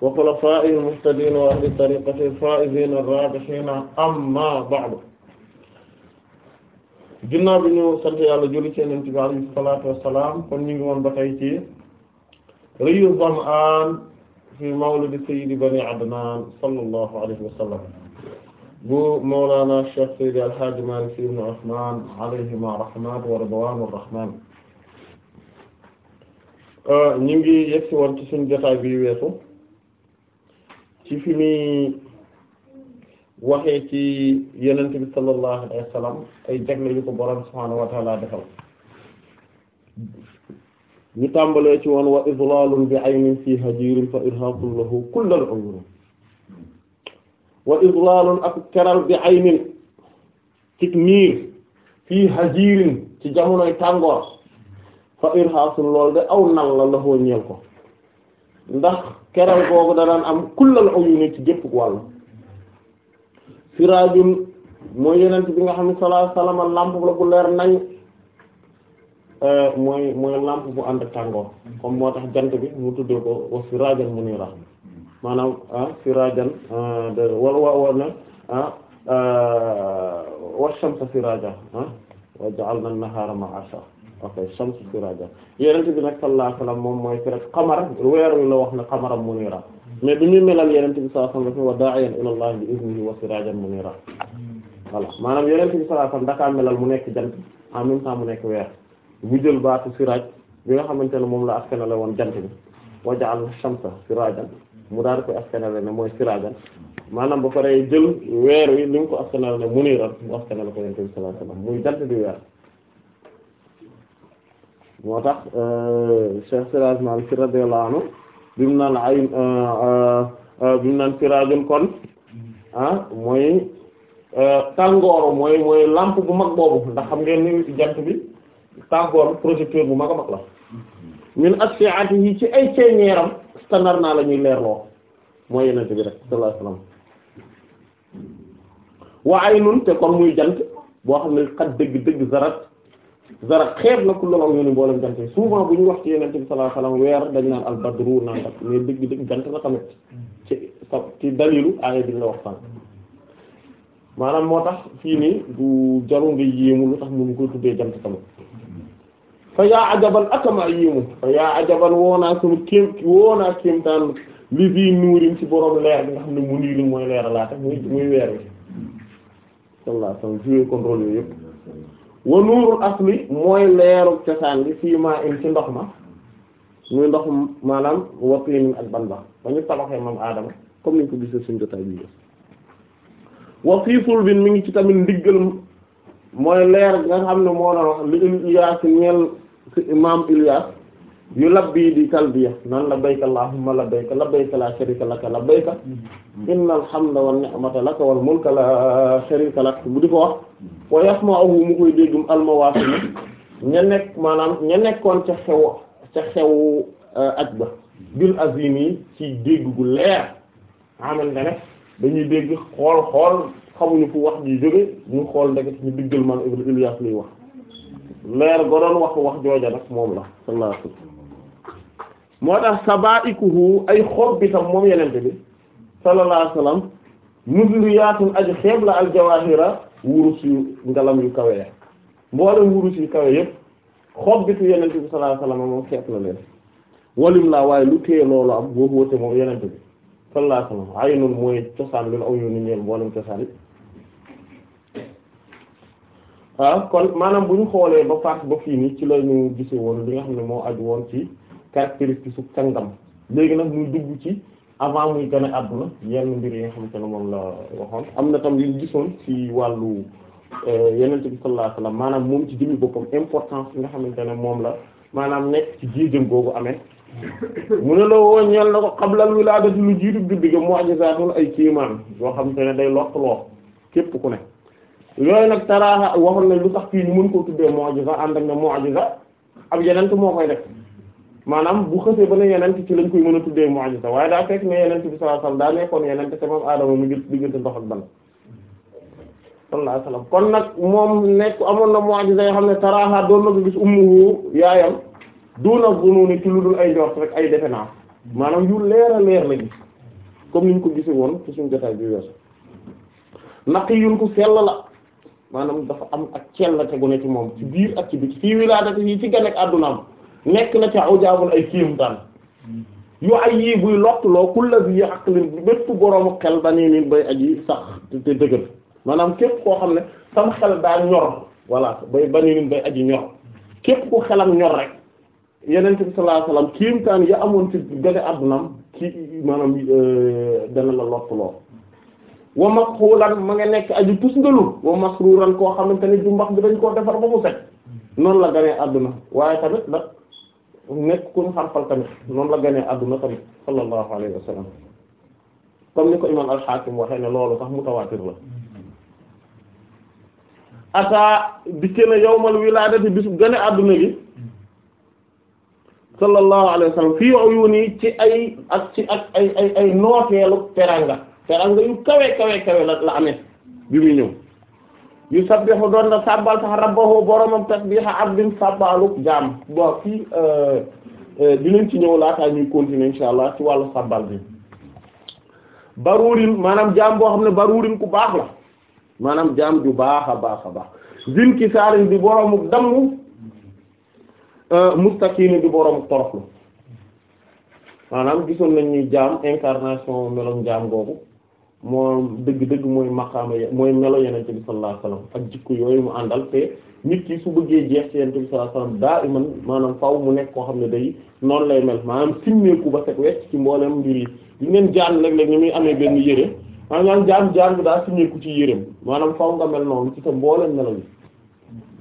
wa xulafaa'ihi al-muhtadiina wa ahli tariiqatihi al-faa'iziina ar-raabihiina ammaa ba'du ginnaaw bi ñu sant yàlla julli ci Yonent bi alayhi salaatu wa salaam kon ñu ngi woon ba tey ci rëyu Zam'aan fi mawlidi sayyidi bani Adnaan sallallahu alayhi wa sallam bu Mawlaana Cheikh Seydi El Hadji Maalik Sy ibn Usmaan alayhimaa rahmatu wa ridwaanu rahmaan ñu ngi yegg si woon ci suñu jotaay bi weesu. ci fi muy waxee ci yenent bi sallallahu alayhi wa sallam ay jagle yu ko borom subhaanahu wa ta'ala defal ñu tàmbalee ci woon wa idlalun bi aynin fii hajirin fa irhaqun lahu kullal uyun wa idlalun ak teral bi aynin ci niir fii hajirin ci jamonoy tàngoor fa irhaqun loolu de aw nal la laxoo ko ndax keral googu danaan am kullal uyuni ci gépp wàll siraajun mooy yeneen bi nga xam ne sallallahu alayhi bu leer nañ euh, mooy mooy lamp bu ànd ak tàngoor comme moo tax jant bi mu tuddee ko wa sirajan munira maanaam ah sirajan euh, de wala wa wala ah, euh, ah wa shamsa siraja ah wa ja'alna ok shamsu siraja yenente bi nag sallallahu alayhi wasallam moom mooy fi rek xamar weer wi la wax ne xamaram munira mais bi muy melal yenente bi sallallahu alayhi wasallam wa da'iyan ila allah bi iznihi wa sirajan munira voilà maanaam yenente bi sallallahu alayhi wasallam dakaa melal mu nekk jant en même temps mu nekk weer bu jël baatu siraj bi nga xamante ne moom la askanale woon jant bi wa ja'al shamsa sirajan mu daal koy askanale ne mooy sirajan maanaam ba pare jël weer wi li nga ko askanale ne bi sallallahu alayhi muy jant di weer moo tax euh, Cheikh Siraj Malik radiyallahu anhu bi mu naan ay euh, euh, bi mu naan sirajun kon ah, mooy tàngooru mooy mooy lampe bu mag boobu ndax xam ngeen ni jant bi tàngoor projecteur bu mag a mag la min at yi ci ay ceeñeeram standard naa la ñuy leerloo mooy yenente bi rek sallallahu alayhi wasallam te kon muy jant boo xam ne xat dëgg dëgg zarat dara xeeb na ku lolow ñu ne mboolem bu ñu wax ci yenente bi sallallahu alayhi wasallam weer dañ naan al badru nangam mais dëgg dëgg jant la tamit ci sa ci dalilu aaya bi ñu la wax sànq maanaam moo tax fii nii du jaru nga yéemu lu tax mun koy tuddee jant tamit fa yaa ajaban akama yéemu fa yaa ajaban woonaa sama kéem woonaa kéemtaan li fii nuurin ci borom leer bi nga xam ne mu niirin mooy leeralaate muy muy weer bi sallallahu alayhi wasallam jouer contrôle yooyu yëpp wa nuurul asli mooy leeru cosaan gi fii maa in ci ndox ma muy ndox maanaam wapiinin ak ban ba ba ñu tabaxee moom aadama comme niñ ko gisee suñu jotaay bi wa fii sulbin mi ngi ci tamit ndiggal mooy leer nga xam ne moo la wax li Ilyas ñeel maam Ilyas yu labbi di talbiya nan labbayka allahumma labbayka labbayka la sharika laka labbayka mm-hmm. innal hamda wan ni'mata laka wal mulka la sharika lak bu di ko wax ma yasma'uhu mu koy déggum almawaasim ña nekk maanaam ña nekkoon ca xew ca xew euh, aj ba bil azim yi ci dégg gu leer amal nga dañuy dégg xool xool xamuñu fu wax ji jóge ñu xool ndeke ñu diggal man Ilyas luy wax leer goroon wax wax jooja nag moom la moo tax sabaikuhu ay xob bi tam moom yenente bi sallallahu alayhi wasallam muzliyaatun aji xeeb la aljawahira wurus yu ngalam yu kawe mboolem wurus yu kawe yépp xob bitu yenente bi sallallahu alayhi wasallam moom xeeb la leen walim laa waaye lu téye loolu am boobu wate moom yenente bi sallallahu alayhi wasallam noonu mooy cosaan lunu aw yoonu ñeel mboolem cosaan yi ah kon maanaam bu ñu xoolee ba faat ba fii nii ci la ñu gise woon li nga xam ne moo aju woon ci caractéristique su cangam léegi nag muy dugg ci avant muy gën a àdduna yenn mbir yi nga xamante ne moom la waxoon am na tam li ñu gisoon ci wàllu euh, yenente bi sallallahu alayhi wasallam maanaam moom ci jëmmi boppam importance bi nga xamante ne moom la maanaam nekk ci jiijëm googu amee mu ne loo woo ñeel na ko xablal wilaadati lu jiitu duddige mu'jizaatun ay kiimaan yoo xamante ne day lottaloo képp ku ne yooyu nag taraaxa waxoon nañ lu tax fii ñu mën koo tuddee mu'jiza ànd ak ne mu'jiza ab yenent moo koy def maanaam bu xësee ba ne yenent ci lañ koy mën a tuddee mu'jiza waaye daa fekk ne yenent bi sallallahu alayhi wasallam daa nekkoon yenent te moom kon nag moom nekk amoon na mu'jiza yoo xam ne taraaha doon na ko gis ummuhu yaayam duuna gunóoni ci lu dul ay njort rek ay defe naa maanaam yu leer a leer la gis comme niñ ko gisee woon ci suñu jotaay bi weesu naq yuñ ko sell la maanaam dafa am ak cell la tegu ne ci moom ci biir ak ci biti fii wilaadati yi ci ganek àddunaam nekk na ca ujaabul ay kéemtaan yu ay yii buy lottuloo kulla bi aqlin bépp boroomu xel ba nii bay aji sax te dëgër maanaam képp koo xam ne sam xel daa ñor voilà bay ba nii bay aji ñor képp ko xelam ñor rek yeneen bi sallallahu alayhi wasallam kéemtaan ya amoon ci gane àddunaam ci maanaam euh, dana la lottuloo wa maxuulan ma nga nekk aju tusngalu wa masruuran koo xamante ni du mbax bi dañ koo defar ba mu set noonu la ganee àdduna waaye tamit la nekk ku ñu xarfal tamit noonu la gënee adduna tamit sallallahu alayhi wa comme ni ko imam al-Hakim waxee ne loolu sax mutawaatir la ata dikke na yawmal wilaadati bisu gëne adduna gi sallallahu alayhi wa sallam fii uyuni ci ay ak ci ak ay ay ay nooteelu teranga yu kawe kawe kawe la la amee bi muy ñëw yusabbihu doon na sabbal sax rabbahu boromam tasbiha abdin sabbaluk jaam bon fii euh, euh, dinañ ci ñëw laataa ñuy continuer insha allah ci wàllu sabbal bi baruurin maanaam jaam boo xam ne baruurin ku baax la maanaam jaam ju baax a baax a baax zin ki saarin di boroomu damm euh, mustakiin di boroomu toroxlu maanaam gisoon nañ ñuy jaam incarnation melom jaam googu moom dëgg-dëgg mooy maqaama y mooy melo yenente bi sallallahu alayhi ak jikko yooyu mu àndal te nit ki su bëggee jeex ci bi sallallahu alayhi daa iman maanaam faaw mu nekk koo xam ne day noonu lay mel maanaam simmeeku ba set wecc ci mbooleem mbir yi di ngeen jaan léeg-léeg ni muy amee benn yére maanaam jaan jaan bi daa simmeeku ci yéreem maanaam faaw nga mel noonu ci sa mbooleem melo bi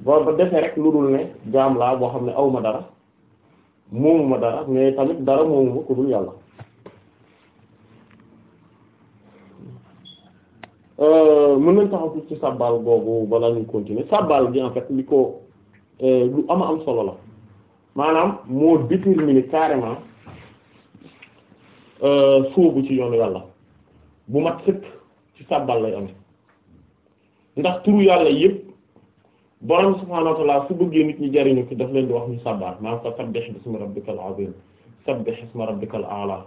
ba ba defee rek lu dul ne jaam laa boo xam ne aw ma dara moomu ma dara mais tamit dara moomu yàlla Euh, mën nañ taxaw ci sàbbaal boobu balaa ñu continuer sàbbaal gi en fait ko euh, lu ama am solo la maanaam moo déterminer carrément euh, sóobu ci yoonu yàlla bu mat sëkk ci sàbbaal lay amee ndax turu yàlla yépp borom subhaanahu wa ta'aala su bëggee nit ñi jariñu ci daf leen di wax ñu sàbbaal maanaam fa sabbih bismi rabbikal azim sabbih isma rabbikal a'la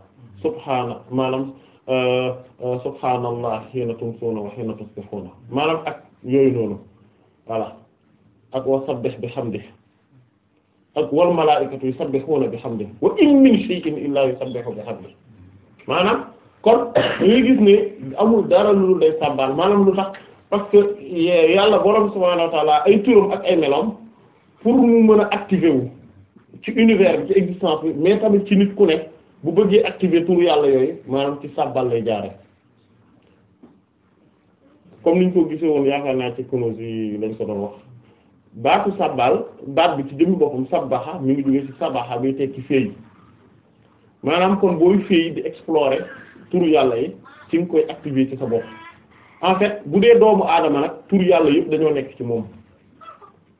subhaana maanaam Euh, euh, subhaanallah hiina tumsuuna wa hiina tusbihuuna maanaam ak yooyu noonu voilà ak wa sabbih bihamdihi ak wal malaa'ikatu yusabbihuuna bihamdihi wa in min shay'in illaa yusabbihu bihamdihi maanaam kon ngay gis ne amul dara lu lay sàbbaal maanaam lu tax parce que yàlla borom subhaanahu wa ay turam ak ay meloom pour mu mën a activer wu ci univers ci existence mais tamit ci nit ku ne. bu bëggee activer tur yàlla yooyu maanaam ci sabal lay jaare comme niñ ko gisee woon yaakaar naa ci Kunûz yi lañ ko doon wax baatu sabal baat bi ci jëmmi boppam sabbaxa mu ngi jógee ci sabaxa bi tekki féey maanaam kon booy féey di explorer tur yàlla yi ci nga koy activer ci sa bopp en fait bu dee doomu aadama nag tur yàlla yëpp dañoo nekk ci moom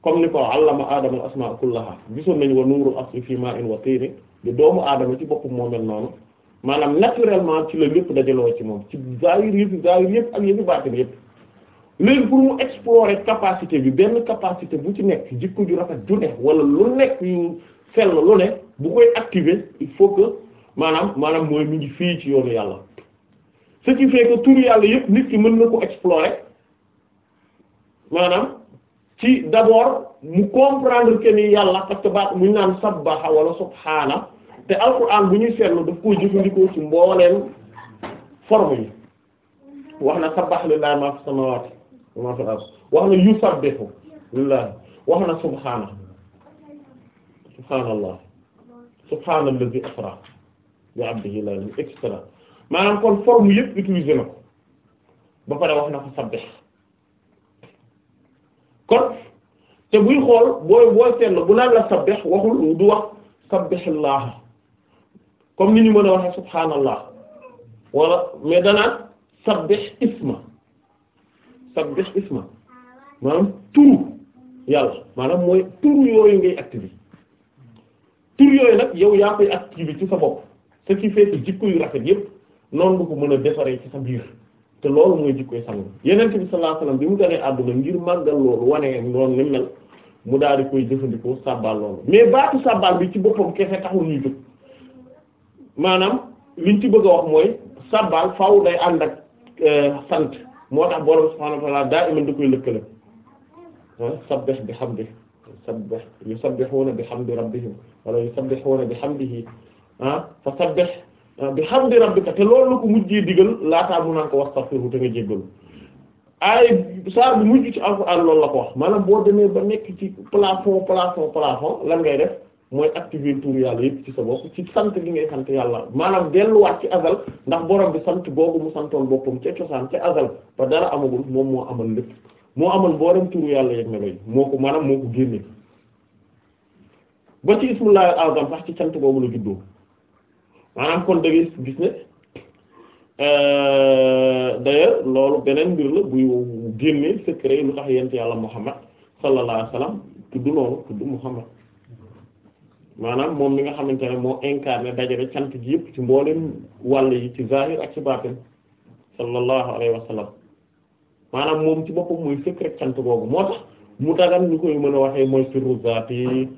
comme ni ko allama aadama asmaa kullaha gisoon nañu wa nuuru asri fi ma'in wa tayri di doomu aadama ci boppam moo mel noonu maanaam naturellement ci la lépp dajaloo ci moom ci zaahir yëpp zaahir yëpp ak yëpp baatin yëpp léegi pour mu explorer capacité bi benn capacité bu ci nekk jikko ju rafet ju ne wala lu nekk yu sell lu ne bu koy activer il faut que maanaam maanaam mooy mu ngi fii ci yoonu yàlla ce qui fait que tur yàlla yëpp nit ki mën na ko explorer maanaam ci d'abord mu comprendre que yàlla parce que baat mu naan sabbaha wala subhaana te alquran bu ñuy seetlu daf koy jëfandikoo ci mbooleem forme wax na sabbaha lillahi ma fi samawati wax na yusabbihu lillahi wax na subhaana subhaanallah subhaanallazi asra bi abdihi laylan et cetera maanaam kon forme yëpp utilisé na ko ba pare wax na ko sabbih kon te buy xool booy booy seetlu bu naan la sabbih waxul du wax sabbihillah comme ni ñu mën a waxee subhaanallah wala mais danaan sabbih isma sabbih isma maanaam turu yàlla maanaam mooy turu yooyu ngay activé turu yooyu nag yow yaa koy activé ci sa bopp ce ci fait jikko yu rafet yépp noonu nga ko mën a defaree ci sa biir te loolu mooy jikkoy sang yeneen bi sallallahu alayhi wasallam bi mu gënee àdduna ngir màggal loolu wane noonu ni mel mu daal di koy jëfandikoo sàbbaal loolu mais baatu sàbbaal bi ci boppam kese taxul ñuy jóg maanaam li ñu ci bëgg a wax mooy sabbal faaw day ànd ak euh, sant moo tax borom subhaanahu wa ta'aala daa iman da koy lëkkale sabbih bihamdi sabbih yusabbihuuna bihamdi rabbihim wala yusabbihuuna bihamdihi ah fa sabbih euh, bihamdi rabbika te loolu la ko mujjee digal laataa mu naan ko wastaghfirhu te nga jéggalu ay saa bu mujj ci alxuraan loolu la ko wax maanaam boo demee ba nekk ci plafond plafond plafond lan ngay def mooy activer tur yàlla yëpp ci sa bopp ci sant gi ngay sant yàlla maanaam delluwaat ci azal ndax borom bi sant boobu mu santoon boppam ca cosaan ca azal ba dara amagul moom moo amal lépp moo amal boolem turu yàlla yeeg melo yi moo ko maanaam moo ko génne ba ci ismullahi azam sax ci sant boobu la juddoo maanaam kon da ngay gis ne euh, d'ailleurs loolu beneen mbir la buy génne secret lu tax yent yàlla Muhammad sallallahu alayhi tudd noonu tudd Muhammad maanaam moom mi nga xamante ne moo incarné dajale cant gi yëpp ci mboolem wàll yi ci zahir ak ci baatin sallallahu alayhi wa sallam maanaam moom ci boppam mooy secret cant googu moo mu dagan ñu koy mën a waxee mooy sirru zaati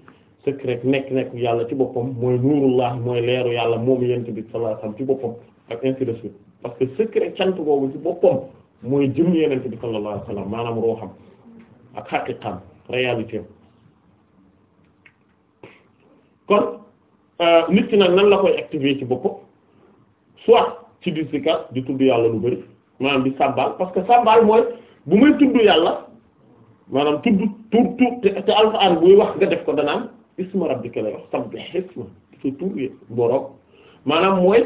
secret nekk nekk yàlla ci boppam mooy nuurullah mooy leeru yàlla moom yent bi sallallahu alayhi wa sallam ci boppam ak ainsi parce que secret cant googu ci boppam mooy jëm yonent bi sallallahu alayhi wa sallam maanaam ruuxam ak xaqiqam réalité kon euh, nit ki nag nan la koy activer ci boppam soit ci di zikar di tudd yàlla lu bëri maanaam di sàbbaal parce que sàbbaal mooy bu may tudd yàlla maanaam tudd tur tur te te alxuraan buy wax nga def ko danaam isma rabbika lay wax sabbih isma sa tur yi boroom maanaam mooy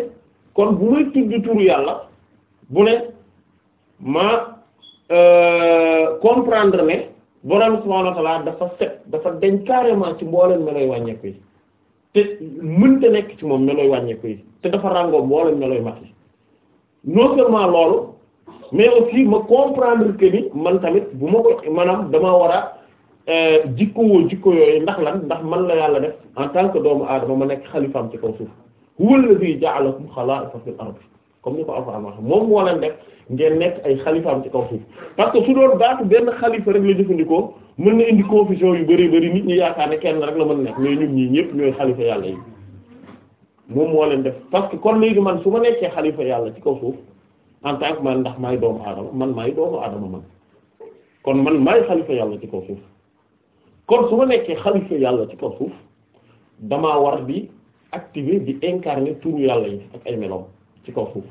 kon bu may tudd turu yàlla bu ne ma euh, comprendre ne borom subhaanahu wa ta'aala dafa set dafa deñ carrément ci mbooleen ma lay wàññeeku yi te mënta nekk ci moom melooy wàññeeku yi te dafa ràngoo mboolem melooy mat yi non seulement loolu mais aussi ma comprendre que ni man tamit bu ma ko maanaam dama war a euh, jikko woo jikko yooyu ndax lan ndax man la yàlla def en tant que doomu aadama ma nekk xalifaam ci kaw suuf huwa alladhi ja'alakum xalaa'ifa fil ardi comme ni ko Alxuraan wax moom moo leen def ngeen nekk ay xalifaam ci kaw suuf parce que su doon baatu benn xalifa rek la jëfandikoo mën na indi confusion yu bëri bari nit ñi yaakaar ne kenn rek la mën nekk mais ñun ñii ñëpp ñooy xalifa yàlla yi moom moo leen def parce que kon léegi man su ma nekkee xalifa yàlla ci kaw suuf en tant que man ndax maay doomu aadama man maay doomu aadama man kon man maay xalifa ci kaw suuf kon su ma nekkee xalifa yàlla ci kaw suuf damaa war bi activer di incarner turu yàlla yi ak ay meloom ci kaw suuf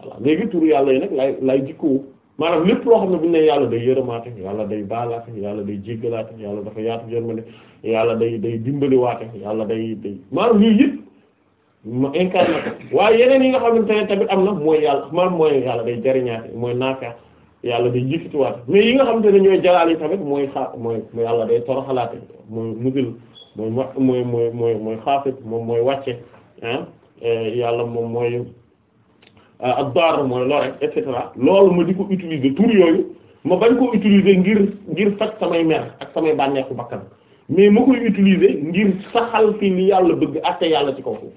voilà léegi turu yàlla yi nag lay lay jikkoo maanaam lépp loo xam ne bi ñu ne yàlla day yërëmaate yàlla day baalaate yàlla day jéggalaate yàlla dafa yaatu yërmande yàlla day day dimbaliwaate yàlla day day maanaam yooyu yëpp ma incarné ko waaye yeneen yi nga xamante ne tamit am na mooy yàlla maanaam mooy yàlla day jariñaate mooy naafa yàlla day jikkituwaate mais yi nga xamante ne ñooy jalaal yi tamit mooy xaa mooy yàlla day toroxalaate mooy musil mooy mooy mooy mooy mooy xaafit moom mooy wàcce ah yàlla moom mooy Euh, ak daar mooy lore et cetera loolu ma di ko utiliser tur yooyu ma bañ koo utiliser ngir ngir faj samay mer ak samay bànneexu bakkan mais ma koy utiliser ngir saxal fi li yàlla bëgg àtte yàlla ci ko foofu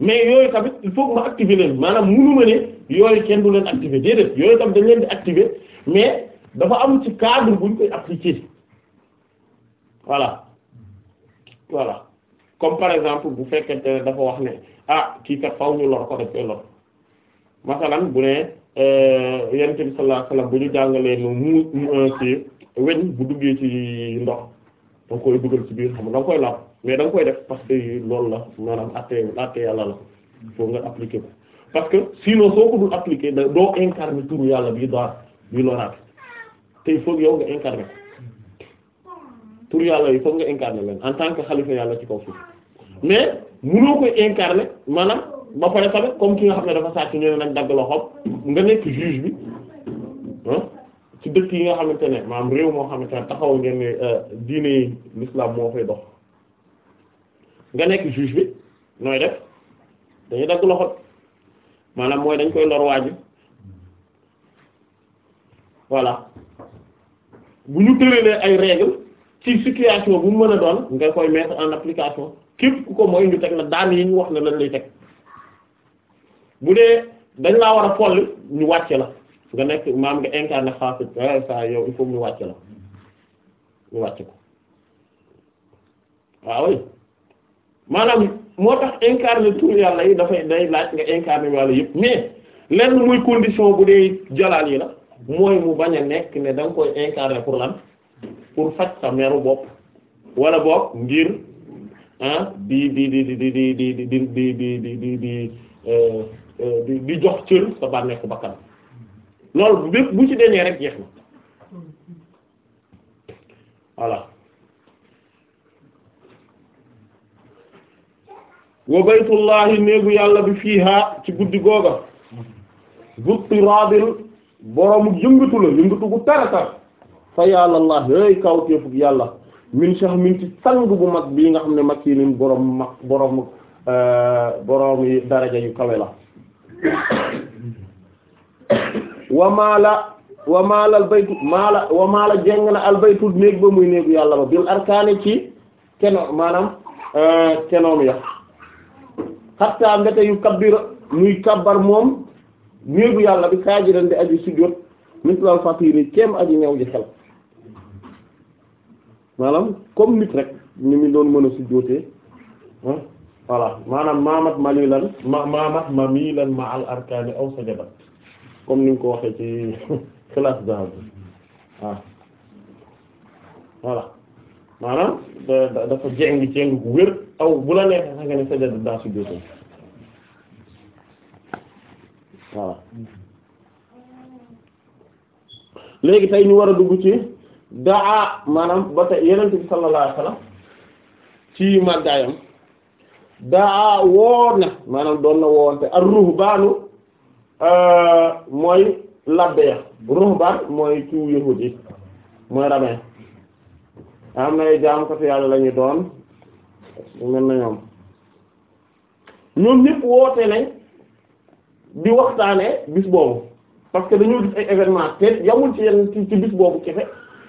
mais yooyu tamit il faut que ma activer leen maanaam munu ma ne yooyu kenn du leen activer déedéet yooyu tamit dañ leen di activer mais dafa am ci cadre buñ koy appliquer voilà voilà comme par exemple bu fekkente ne dafa wax ne ah kii kat faw ñu lor ko def koy lor masalan bu ne euh, yonent bi sallallahu alayhi bu ñu jàngalee mu mu ci weñ bu duggee ci ndox da nga koy dugal ci biir xam nga da nga koy laal mais da koy def parce que loolu la maanaam àtte àtte yàlla la foo nga appliquer ko parce que sinon soo ko dul appliquer da doo incarner turu yàlla bii doar bii loraat te il faut yow nga incarner ko yàlla yi foog nga incarner leen en tant que xalifa yàlla ci kaw suuf mais mënoo koy incarner maanaam. ba pare tamit comme ki nga xam ne dafa sàcc ñu ne nag dagg loxoom nga nekk juge bi ah, ci dëkk yi nga xamante ne maam réew moo xamante ne taxaw ngeen ne euh, diine yi l'islam moo koy dox nga nekk juge bi nooy def dañuy dagg loxo maanaam mooy dañ koy lor waaju voilà bu ñu tëralee ay règles ci situation bu mu mën a doon nga koy mettre en application képp ku ko mooy ñu teg na daan yi ñu wax ne lañ lay teg bu dee dañ laa war a folli ñu wàcce la nga nekk maam nga incarné xaafis saa yow il faut ñu wàcce la ñu wàcce ko waaw maanaam moo tax incarné tur yàlla yi dafay day laaj nga incarné wàlla yëpp mais lenn muy condition bu dee jalaal yi la mooy mu bañ a nekk ne danga nga koy incarné pour lan pour faj sa meru bopp wala bopp ngir ah di di di di di di di di di di di di Euh, di di jox cër sa bànneexu bakkan loolu bu ci deñee rek jeex na voilà wa néegu yàlla bi fiiha ci guddi googa gutti raadil boroomu yëngatu la yëngatu bu taratar fa yàlla la hey kaw teefug yàlla min sax min ci sang bu mag bii nga xam ne makinin boroom mag boroom euh, boroom yi daraja yu kawe la wa maala wa maala albaytu maala wa maala jeng na albaytu néeg ba muy néegu yàlla ba bil arkaani ci keno maanaam euh, kenoom ya xatta mbete yu kabbira muy kabbar moom néegu yàlla bi saajiran di aju sujjóot mislal fatiri kem aji ñëw ji xel maanaam comme nit rek ni mu doon mën a sujjóotee ah. voilà maanaam mamat malilan ma mamat mamilan ma al arkani aw sajadat comme ni nga ko waxee ci classe dahab waaw voilà maanaam bu la neexee sax nga ne sajada daa léegi tey ñu war a dugg ci daa maanaam ba tey yeneen bi sallallahu alayhi wasallam ci màggaayam daa woo na maanaam doon na woowante ak ruhbaanu euh, mooy labbe ya ruhbaan mooy ci yahud yi mooy rabbin am na ay jaamkatu yàlla la ñu doon mel na ñoom ñoom ñëpp woote nañ di waxtaane bis boobu parce que dañoo gis événement te yamul ci yenn ci bis boobu kese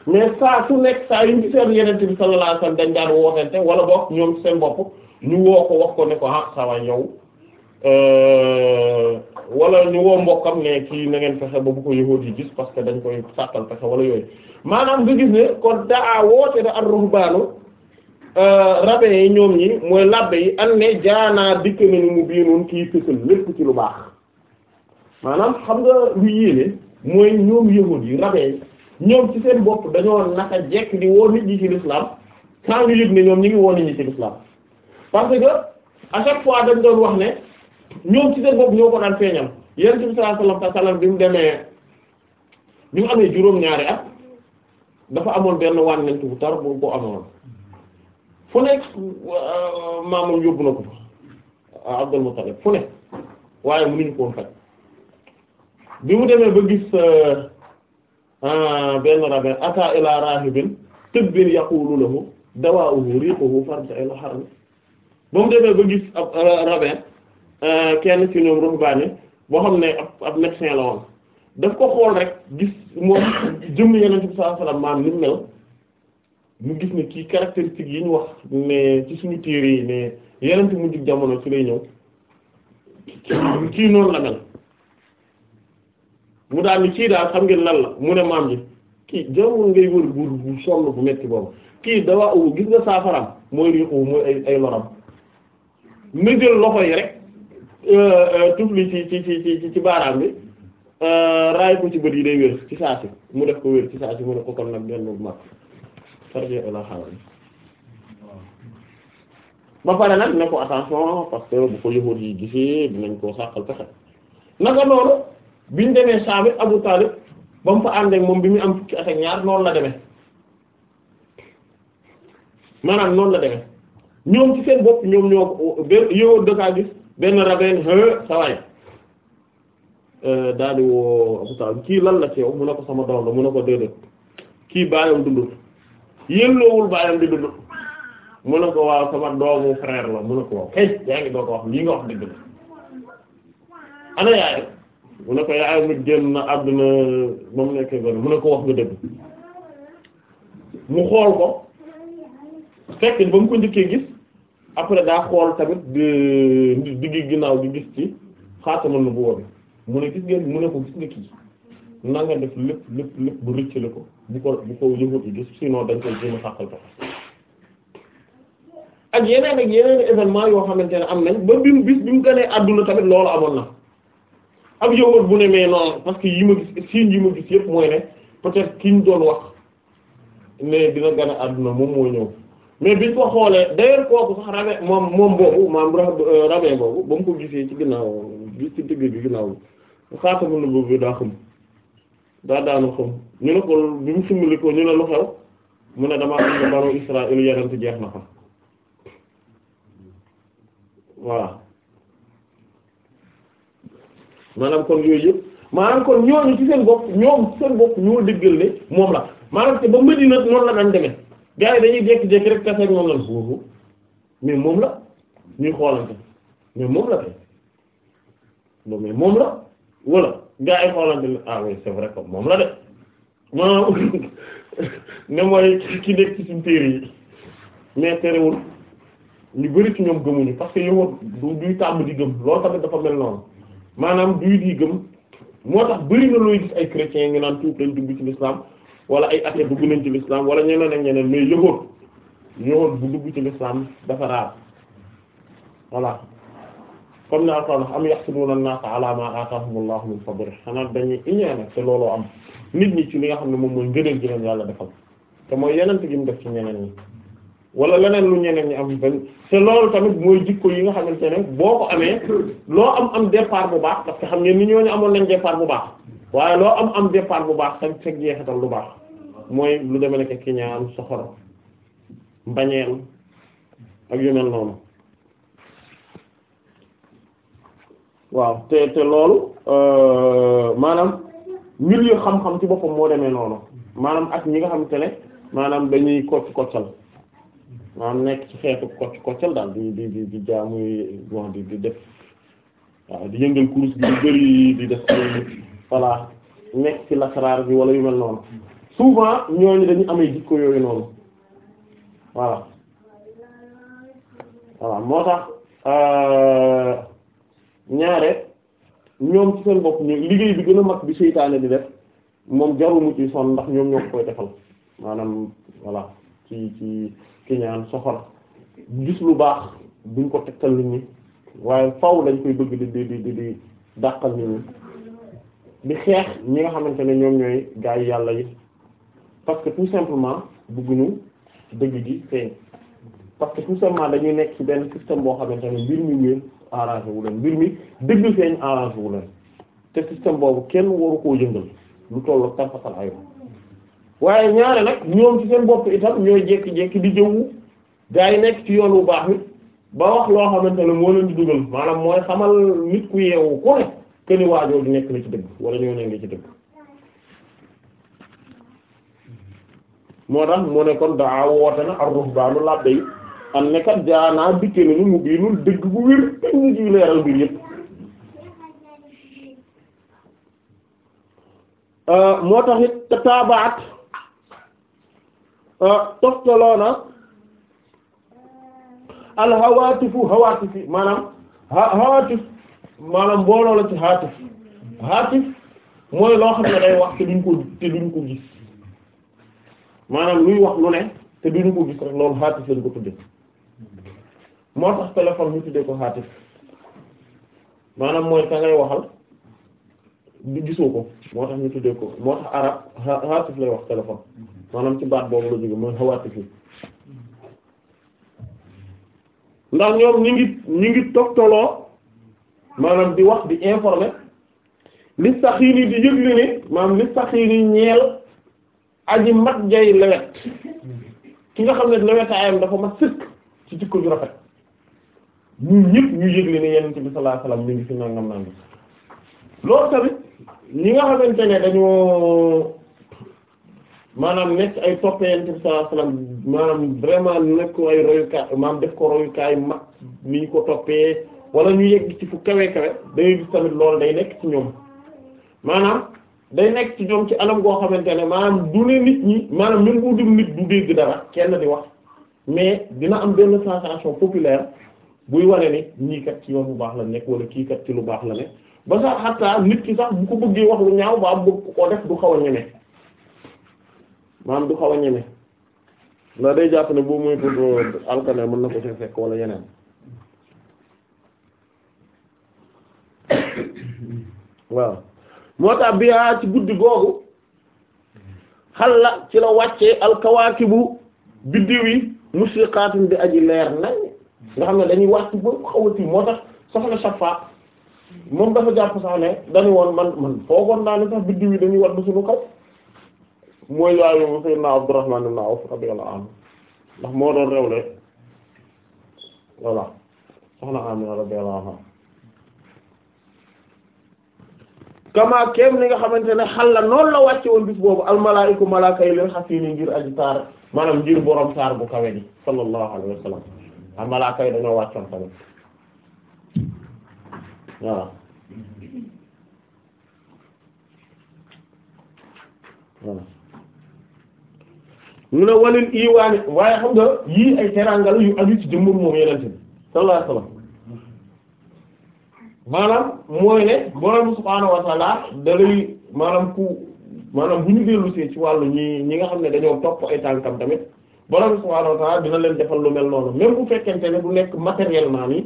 mais saa su nekk saa yu ñu seen yeneen bi sallallahu alayhi wasallam dañ daan wootente wala boog ñoom seen bopp ñu woo ko wax ko ne ko ah sawa yow euh, wala ñu woo mbokkam ne kii na ngeen fexe ba bu ko yahuud yi gis parce que dañ koy sàkkal fexe wala yooyu maanaam nga gis ne kon daa woote da ar-ruhbaanu euh, rabe yi ñoom ñi mooy labbe yi an ne jaanaa dikk nañu mu biinuun kii fësal lépp ci lu baax maanaam xam nga lu yéene mooy ñoom yahuud yi rabe yi ñoom ci seen bopp dañoo naka jekk di woo nit ñi ci l'islam sans ñu yëg ne ñoom ñi ngi woo nit ñi ci l'islam parce que chaque fois dañ doon wax ne ñoom ci seen bopp ñoo ko daan feeñal yonent bi sallallahu alayhi bi mu demee bi mu amee juróom-ñaari at dafa amoon benn wànnent bu tar bu ko amoon fu nekk euh, maamam yóbbu na ko fa Abdul Muttalib fu nekk waaye mënuñu ko woon faj bi mu demee ba gis euh, euh, benn rabbin ata ila rahibin tibbin yaqulu lahu dawa'uhu riquhu farja ila harami ba mu demee ba gis ab euh, rabbin euh, kenn ci ñoom ruhbaani boo xam ne ab ab la woon daf ko xool rek gis moom jëm yeneen bi sallallahu maam ni mel mu gis ne kii caractéristiques yi ñu wax ne ci suñu téere yi ne yeneen mu mujj jamono ci lay ñëw kii noonu la mel mu daal ni kii daal xam ngeen lan la mu ne maam ji kii jarul ngay wër bu sonn bu metti boobu kii dawa u gis nga saafaram mooy riixu mooy ay ay loram na jël loxo yi rek euh, euh, tufli ci ci ci ci baaraam bi euh, raay ko ci bët yi day wér ci saa si mu def ko wér ci saa si mu def ko kon nag benn bu mag farje pare nag ne ko attention parce ko yëwoot yi gisee koo sàqal pexe naka noonu biñ demee Saabit Abu Taalib ba mu fa ànd ak moom bi muy am fukki at ak ñaar noonu la demee maanaam noonu la demee ñoom ci seen bopp ñoom ñoo ko yow dafa gis benn rabin sawaay euh, daal di woo Abu Taalib kii lan la ci yow mu ne ko sama doom la mu ne ko déedéet kii baayam dundul yelloowul di dundul mu ko waaw sama doomu frère la mu ne ko waaw kay yaa ngi doo ko wax lii nga wax dëgg la ana yaayam mu ne ko yaayam nit génn na àdduna ba mu nekkee gone mu ne ko wax nga dëgg mu xool ko fekk ba mu ko njëkkee gis après daa xool tamit di digg ginnaaw di gis ci xaatamal nubuwwa bi mu ne gis ngeen mu ne ko gis nga kii na nga def lépp lépp lépp bu rëccale ko bu ko bu ko yëngu gis sinon dañ koy jéem a ko ak yeneen ak yeneen événement yoo xamante ne am nañ ba bi mu bis bi mu gënee àdduna tamit loolu amoon na ak yëngu bu ne mais non parce que yi ma gis signes yi ma gis yëpp mooy ne peut-être ki ñu doon wax ne dina gën àdduna moom moo ñëw. mais biñ ko xoolee d'ailleurs kooku sax rabe moom moom boobu maam euh, rabe boobu ba mu ko gisee ci ginnaaw bi ci dëgg bi ginnaaw bi xaatama na boobu daa xam daa daanu xam ñu ne ko bi mu simbali ñu ne lu xew mu ne damaa am na banu Israël jeex na fa voilà maanaam kon yooyu yëpp maanaam kon ñooñu ci seen bopp ñoom seen bopp ñoo dëggal ne moom la maanaam te ba Medina noonu la dañ demee gars yi dañuy jékki-jékki rek kese moom la boobu mais moom la ñuy xoolante mais moom la kay mais moom la wala gars yi xoolante ah moom la de maanaam ne mooy ki nekk ci suñu téere yi mais terewul ñu bari ci ñoom gëmuñu parce que yow du duy tàmm di gëm loolu tamit dafa mel noonu maanaam duy di gëm moo tax bari na looy gis ay chrétiens ngi naan tuub dañ dugg ci l'islam wala ay athée dugg nañ ci l'islam wala ñeneen ak ñeneen mais yëhoot yëhoot bu dugg ci l'islam dafa raar voilà comme naa ko am yahsuduna an-nasa ala ma atahumullahu min fadli xanaa dañuy iñaane te looloo am nit ñi ci li nga xam ne moom mooy ngëneel gi leen yàlla defal te mooy yeneen gi mu def ci ñeneen ñi wala leneen lu ñeneen ñi am benn te loolu tamit mooy jikko yi nga xamante ne boo ko amee loo am am départ bu baax parce que xam ngeen ni ñooñu amoon nañ départ bu baax waaye loo am am départ bu baax tam fekk jeexital lu baax mooy lu deme nekk kiñaan soxoro mbañeel ak yu mel noonu waaw te te loolu euh, maanaam mbir yu xam-xam ci boppam moo demee noonu maanaam ak ñi nga xamante ne maanaam dañuy kocc koccal maanaam nekk ci xeetu kocc koccal daal di di di di jaamuy bon di di def waaw di yëngal course bi di bëri di def ay voilà nekk ci lasaraar bi wala yu mel noonu souvent ñooñu dañu amee jikko yooyu noonu voilà voilà moo tax euh, ñaare ñoom ci seen bopp ñu liggéey bi gën a mag bi seytaane di def moom jarul mu ci son ndax ñoom ñoo koy defal maanaam voilà ci ci ki ñaan soxor gis lu baax duñ ko tegtal nit ñi waaye faw lañ koy bëgg di di di di dàqal nit ñi di xeex ñi nga xamante ne ñoom ñooy gaa yi yàlla yi parce que tout simplement bëgguñu dëgg gi feeñ parce que tout simplement dañuy nekk ci benn système boo xamante ne mbir mi ngeen arrangé wu leen mbir mi dëgg feeñ arrangé wu leen te système boobu kenn waru koo jëngal lu tollu tarfatal ayo waaye ñaare nag ñoom ci seen bopp itam ñooy jékki-jékki di jëwu gaa yi nekk ci yoon wu baax bi ba wax loo xamante ne moo leen dugal maanaam mooy xamal nit ku yeewu ku këni waajoo du nekk na ci dëgg wala ñoo ne ci dëgg moo tax mu ne kon daa woote na ar-ruhbaanu labbe yi am jaanaa dikke nañu mu biinul dëgg bu wér dañ ñu ciy leeral mbir yëpp euh, moo tax it te taabaat euh, alxawaatifu xawaatifi maanaam xawaatif maanaam mbooloo la ci haatif haatif mooy loo xam ne day wax te duñ ko te duñ ko gis maanaam luy wax lu ne te duñ ko gis rek loolu haatif lañ ko tudde moo tax téléphone ñu tuddee mooy ka ngay waxal ko moo tax ñu tuddee ko moo tax arab haatif lay wax téléphone maanaam ci baat boobu la jóge mooy hawaatif ndax ñoom ñu ngi ñu ngi togtaloo maanaam di wax di informer li saxiini di yëgle ne maanaam li saxiini ñeel aji mat jay lewet ki nga xam ne lewetaayam dafa mat sëkk ci jikko ju rafet ñu yëgle ne yonent bi sallallahu alayhi wasallam mi loolu tamit ñi nga xamante ne dañoo maanaam nekk ay toppee yonent bi sallallahu alayhi wasallam maanaam vraiment nekk ay royukaay maanaam def ko royukaay mat ni ñu ko toppee. wala ñu yegg ci fu kawe kawe day gis tamit loolu day nekk ci ñoom maanaam day nekk ci ñoom ci alam goo xamante ne maanaam du ne nit ñi maanaam même bu dul nit du dégg dara kenn di wax mais dina am benn sensation populaire buy wane ni ñii ci yoon bu baax la nekk wala kii ci lu baax la nekk ba sax xataa nit ki sax bu ko bëggee wax lu ñaaw ba bëgg ko def du xaw a ñeme maanaam du xaw a ñeme ndax day jàpp boo muy pour alkane mën na ko ci wala yeneen waaw moo tax bihaa ci guddi googu xal la ci la wàccee alkawaakibu biddiw yi musiqaatun bi aji leer nañ nga xam ne dañuy wàcc ba xaw a moo tax soxna Safa moom dafa jàpp sax ne dañu woon man man foogoon naa ne sax biddiw yi dañuy wadd suñu kaw mooy yaayu Seydina Abdurrahman ibn Awf radiyallahu anhu ndax moo doon rewle voilà soxna Amina radiyallahu anha kama kéem ni nga xamante ne xal la noonu la wàcce woon bis boobu almalaa'iku malaaka yi leen xasii ni ngir aji saar maanaam ngir borom saar bu kawe bi sallallahu alayhi wa sallam yi dañoo wàccoon tamit voilà voilà mu ne walil iwaani waaye xam nga yii ay teraangal yu aju ci moom yenente bi sallallahu alayhi maanaam mooy ne borom subhaanahu wa ta'ala da maanaam ku maanaam bu ñu dellu ci wàllu ñi ñi nga xam ne dañoo topp ay tànkam tamit borom subhaanahu wa ta'ala dina leen defal lu mel noonu même bu fekkente ne du nekk matériellement nii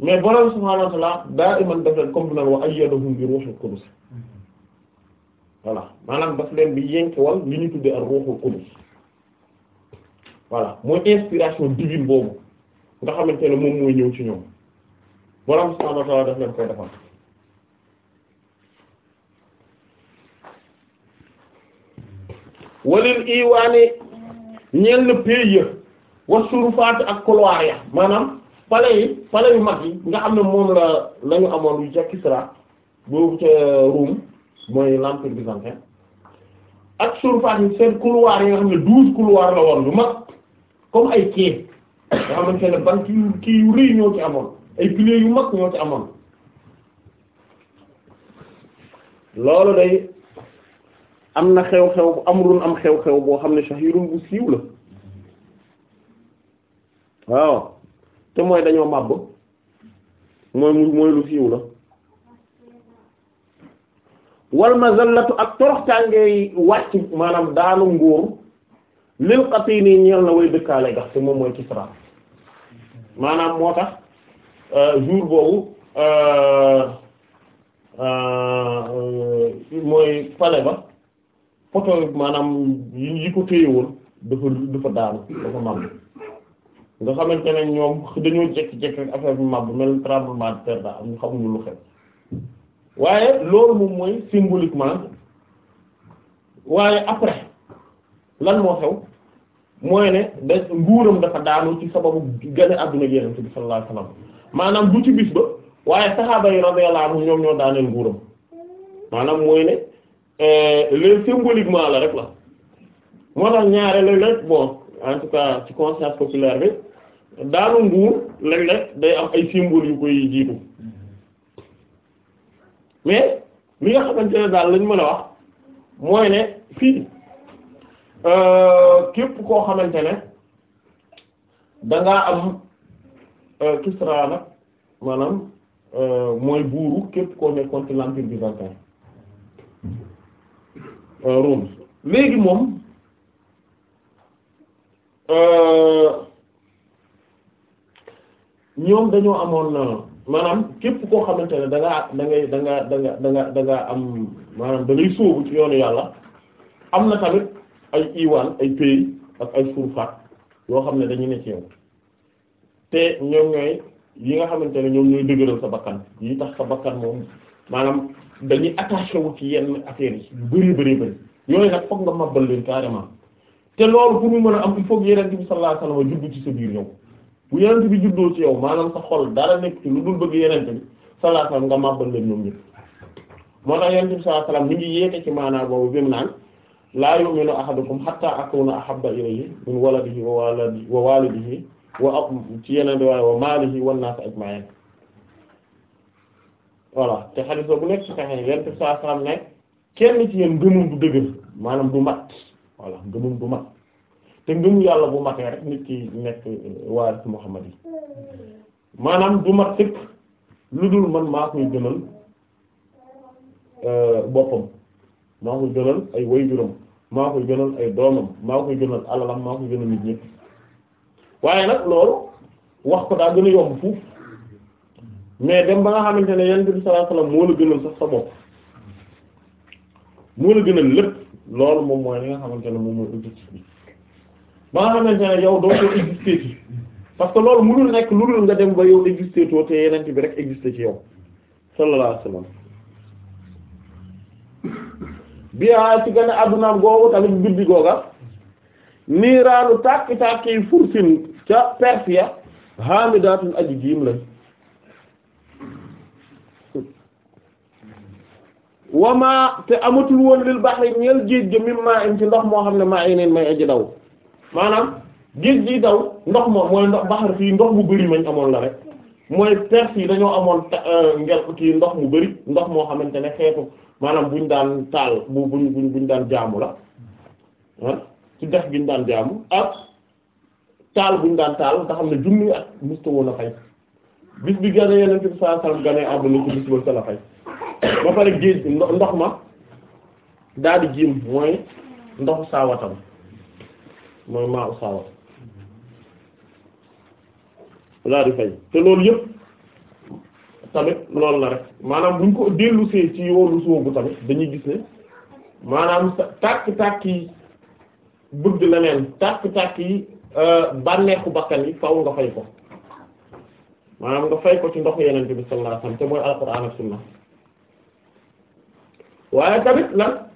mais borom subhaanahu wa ta'ala daa iman def leen comme du na wa ayyadahum bi ruuhil qudus voilà maanaam daf leen bi yenkewal li ñu tuddee ak ruuhul qudus voilà mooy inspiration divine boobu nga xamante ne moom mooy ñëw ci ñoom. borom subhaanahu wa ta'aala daf leen koy defal walil iwaani ñenn pays ya wa surufaat ak couloir ya maanaam palais yi palais yu mag yi nga xam ne moom la lañu amoon yu ca Kisra boobu ca Rome mooy l'empire byzantin ak surufaat yi seen couloir yi nga xam ne douze couloir la woon lu mag comme ay kii nga xamante ne ban kii kii yu rëy ñoo ci amoon ay piliers yu mag ñoo ci amoon loolu day am na xew-xew bu amrun am xew-xew boo xam ne shahirun bu siiw la waaw te mooy dañoo màbb mooy mu mooy lu siiw la wal mazallatu ak toroxtaangee wàcc maanaam daanu nguur lil nii ñeel na way dëkkaale gax te moom mooy Kisra maanaam moo tax Euh, jour boobu euh, euh, mooy pale ba poto maanaam yi ko téye woon dafa dafa daanu dafa màbb nga xamante ne ñoom dañoo jekk-jekk rek bi màbb mel tremblement de terre ñu xamuñu lu xew waaye loolu moom mooy symboliquement waaye après lan moo xew mooy ne da nguuram dafa daanu ci sababu gane àdduna yonent bi sallallahu alayhi wasallam maanaam du ci bis ba waaye saxaaba yi radiyallahu anhum ñoom ñoo daaneel nguuram maanaam mooy ne euh, léegi symboliquement la rek la moo tax ñaare léeg-léeg bon en tout cas ci conscience populaire bi daanu nguur léeg-léeg day am ay symbole yu koy jiitu mais li nga xamante ne daal lañ mën a wax mooy ne fii euh, képp koo xamante ne da am Euh, Kisra nag maanaam euh, mooy buuru képp koo nekkoon ci l'empire byzantin euh, Rome léegi moom ñoom dañoo amoon maanaam képp koo xamante ne da dangay danga ngay da nga da nga da nga da nga am maanaam da ngay sóobu ci yoonu yàlla am na tamit ay iwaan ay pays ak ay surfaat yoo xam ne dañu ne ci yow te ñoom ñooy yi nga xamante ne ñoom ñooy dëgëral sa bakkan yi tax sa bakkan moom maanaam dañuy attaché wu ci yenn affaires yi yu bëri bëri bëri yooyu nag foog nga mabbal leen carrément te loolu pour mu mën a am il faut que yeneen bi sallallahu alayhi wasallam juddu ci sa biir ñëw bu yeneen bi juddoo ci yow maanaam sa xol dara nekk ci lu dul bëgg yeneen bi sallallahu nga mabbal leen ñoom ñëpp moo tax yeneen bi sallallahu alayhi wasallam mi ngi yeete ci maanaam boobu bi mu naan laa yu'minu ahadukum hatta akuna ahabba ilayhi min waladihi wa waladihi wa walidihi wa ak ci yeneen riwaaya wa maalihi wan naas ajma'in voilà te xadis bu nekk ci saxee yent saa saam ne kenn ci yéen ngëmum du dëgër maanaam du mat voilà ngëmum du mat te ngëmu yàlla bu matee rek nit ki nekk waaris Muhammad yi maanaam du mat sëkk lu dul man maa koy gënal euh, boppam maa koy gënal ay wayjuram maa koy gënal ay doomam maa koy gënal alalam maa koy gënal nit ñi waaye nag loolu wax ko daa gën a yomb fuuf mais dem ba nga xamante ne yonent bi sallallahu alayhi wasallam moo la gënal sax sa bopp moo la gënal lépp loolu moom mooy li nga xamante ne moom mooy objectif bi ba nga xamante ne yow doo ko existé ci parce que loolu mënul nekk lu dul nga dem ba yow existé too te yonent bi rek existé ci yow sallallahu alayhi wasallam biyaa ci gën a googu tamit mbir bi googa niiraanu tàkki tàkki fursin ca perfiya hamidatun aji giim lañ wama te amatul woon lil bahri ñeel géej gi mim maa in ci ndox moo xam ne maa neen may aji daw maanaam géej gi daw ndox moom mooy ndox bahar fii ndox mu bëri mañ amoon la rek mooy Perse yi dañoo amoon euh, ngel kii ndox mu bëri ndox moo xamante ne xeetu maanaam buñ daan taal bu buñ daan jaamu la ah ci def giñ daan jaamu ak taal buñ daan taal nga xam ne junni at musta woon a fay bis bi gane yeneen bi saa sallam gane àdduna ci bis ba sa la fay ba pare géej ndox ma daal di mooy ndox saawatam mooy maaw saawat daal di fay te loolu yëpp tamit loolu la rek maanaam buñ ko dellusee ci yoonu soobu tamit dañuy gis maanaam tàkk-tàkk yi bëgg leneen tàkk-tàkk yi Euh, bànneexu bakkan yi faaw nga fay ko maanaam nga fay ko ci ndox yeneen bi sallallahu alayhi te mooy alquran ak sunna waaye tamit lan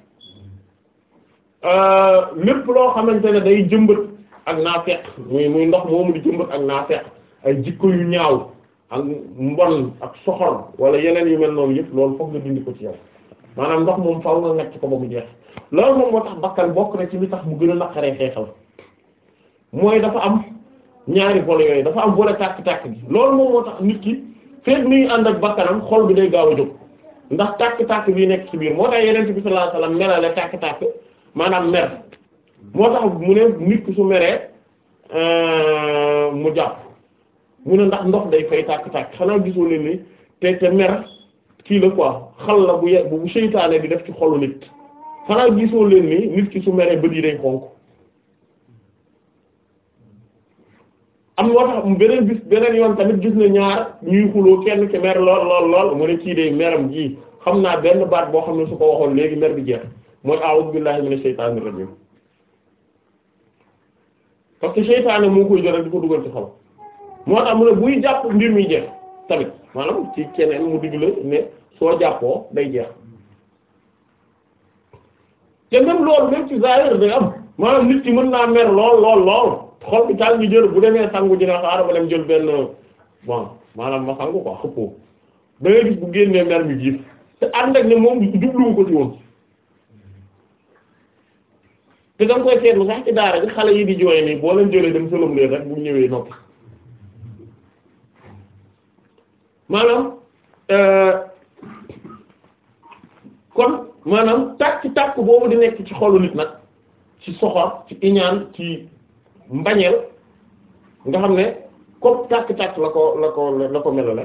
euh, lépp loo xamante ne day jëmbat ak naafeq muy muy ndox moomu di jëmbat ak naafeq ay jikko yu ñaaw ak mbon ak soxor wala yeneen yu mel noonu yëpp loolu foog nga dindi ko ci yow maanaam ndox moom faaw nga ngacc ko ba mu jeex loolu moom moo tax bakkan bokk na ci li tax mu gën a naqaree xeexal mooy dafa am ñaari volets yooyu dafa am volet tàkk-tàkk bi loolu moom moo tax nit ki feeg mi ànd ak bakkanam xol bi day gaaw a jóg ndax tàkk-tàkk bi nekk ci biir moo tax yeneen bi sallallahu alayhi wasallam melale tàkk-tàkk maanaam mer moo tax mu nit ki su meree euh, mu jàpp mu ne ndax ndox day fay tàkk-tàkk xanaa gisoo leen ni te te mer kii la quoi xal la bu ye bu seytaane bi def ci xolu nit xanaa gisoo leen ni nit ki su meree bët yi day xonk am loo tax beneen bis beneen yoon tamit gis na ñaar ñuy xuloo kenn ci mer lool lool mu ne kii de meram ji xam naa benn baat boo xam ne su ko waxoon léegi mer bi jeex mooy a'udhu billahi minash shaytanir rajim parce que seytaane moo koy jël rek di ko dugal ci xol moo tax mu ne buy jàpp mbir mi jeex tamit maanaam ci keneen mu digle ne soo jàppoo day jeex te même loolu ci zahir day am maanaam nit ki mën naa mer lool lool lool xol bi tàng jël bu demee sangu ji ne xaaral ma dem jël benn bon maanaam ma sangu quoi xëppoo da ngay bu génnee mer bi giif te ànd ak ne moom jubluwu ko ci woon te da nga koy seetlu sax ci daara bi xale yi di jooy nii boo leen jëlee dem sëlëm leen rek bu ñëwee noppi maanaam euh, kon maanaam tàkk tàkk boobu di nekk ci xolu nit nag ci soxor ci iñaan ci mbañeel nga xam ne comme tàkk-tàkk la ko la ko la ko melale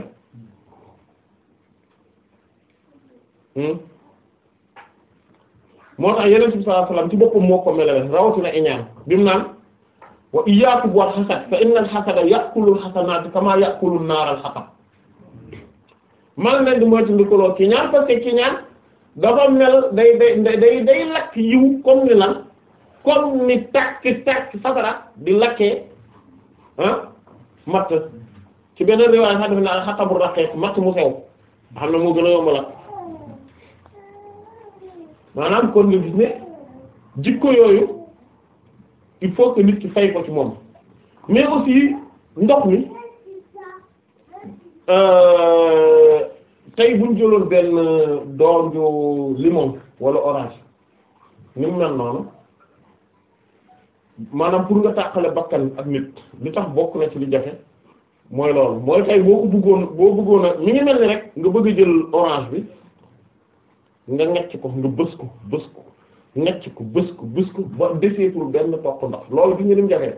hmm? moo tax yeneen bi sallallahu alayhi wasallam ci boppam moo ko melale rawatina iñaan bi mu naan wa iyyakum wal hasad fa innal hasada ya'kulul hasanati kama ya'kulun naaral hatab man leen di moytandikuloo ci ñaan parce que ci ñaan dafa mel day day day day lakk yiw comme ni lan comme ni takk takk safara di lakkee ah matt ci benn riwaay sax def naa matt mu sew xam ne moo gën a yomb la maanaam kon nga gis jikko yooyu il faut que nit ki fay ko ci moom mais aussi ndox mi euh, tey buñ jëloon benn euh, doom ju limon wala orange ni mu mel noonu maanaam pour nga tàqale bakkan ak nit li tax bokk na ci li jafe mooy loolu mooy tey boo ko bëggoon boo bëggoon a mi ngi mel ni rek nga bëgg a jël orange bi nga necc ko nga bës ko bës ko necc ko bës ko bës ko ba deseetul benn topp ndax loolu bi nga lim jafe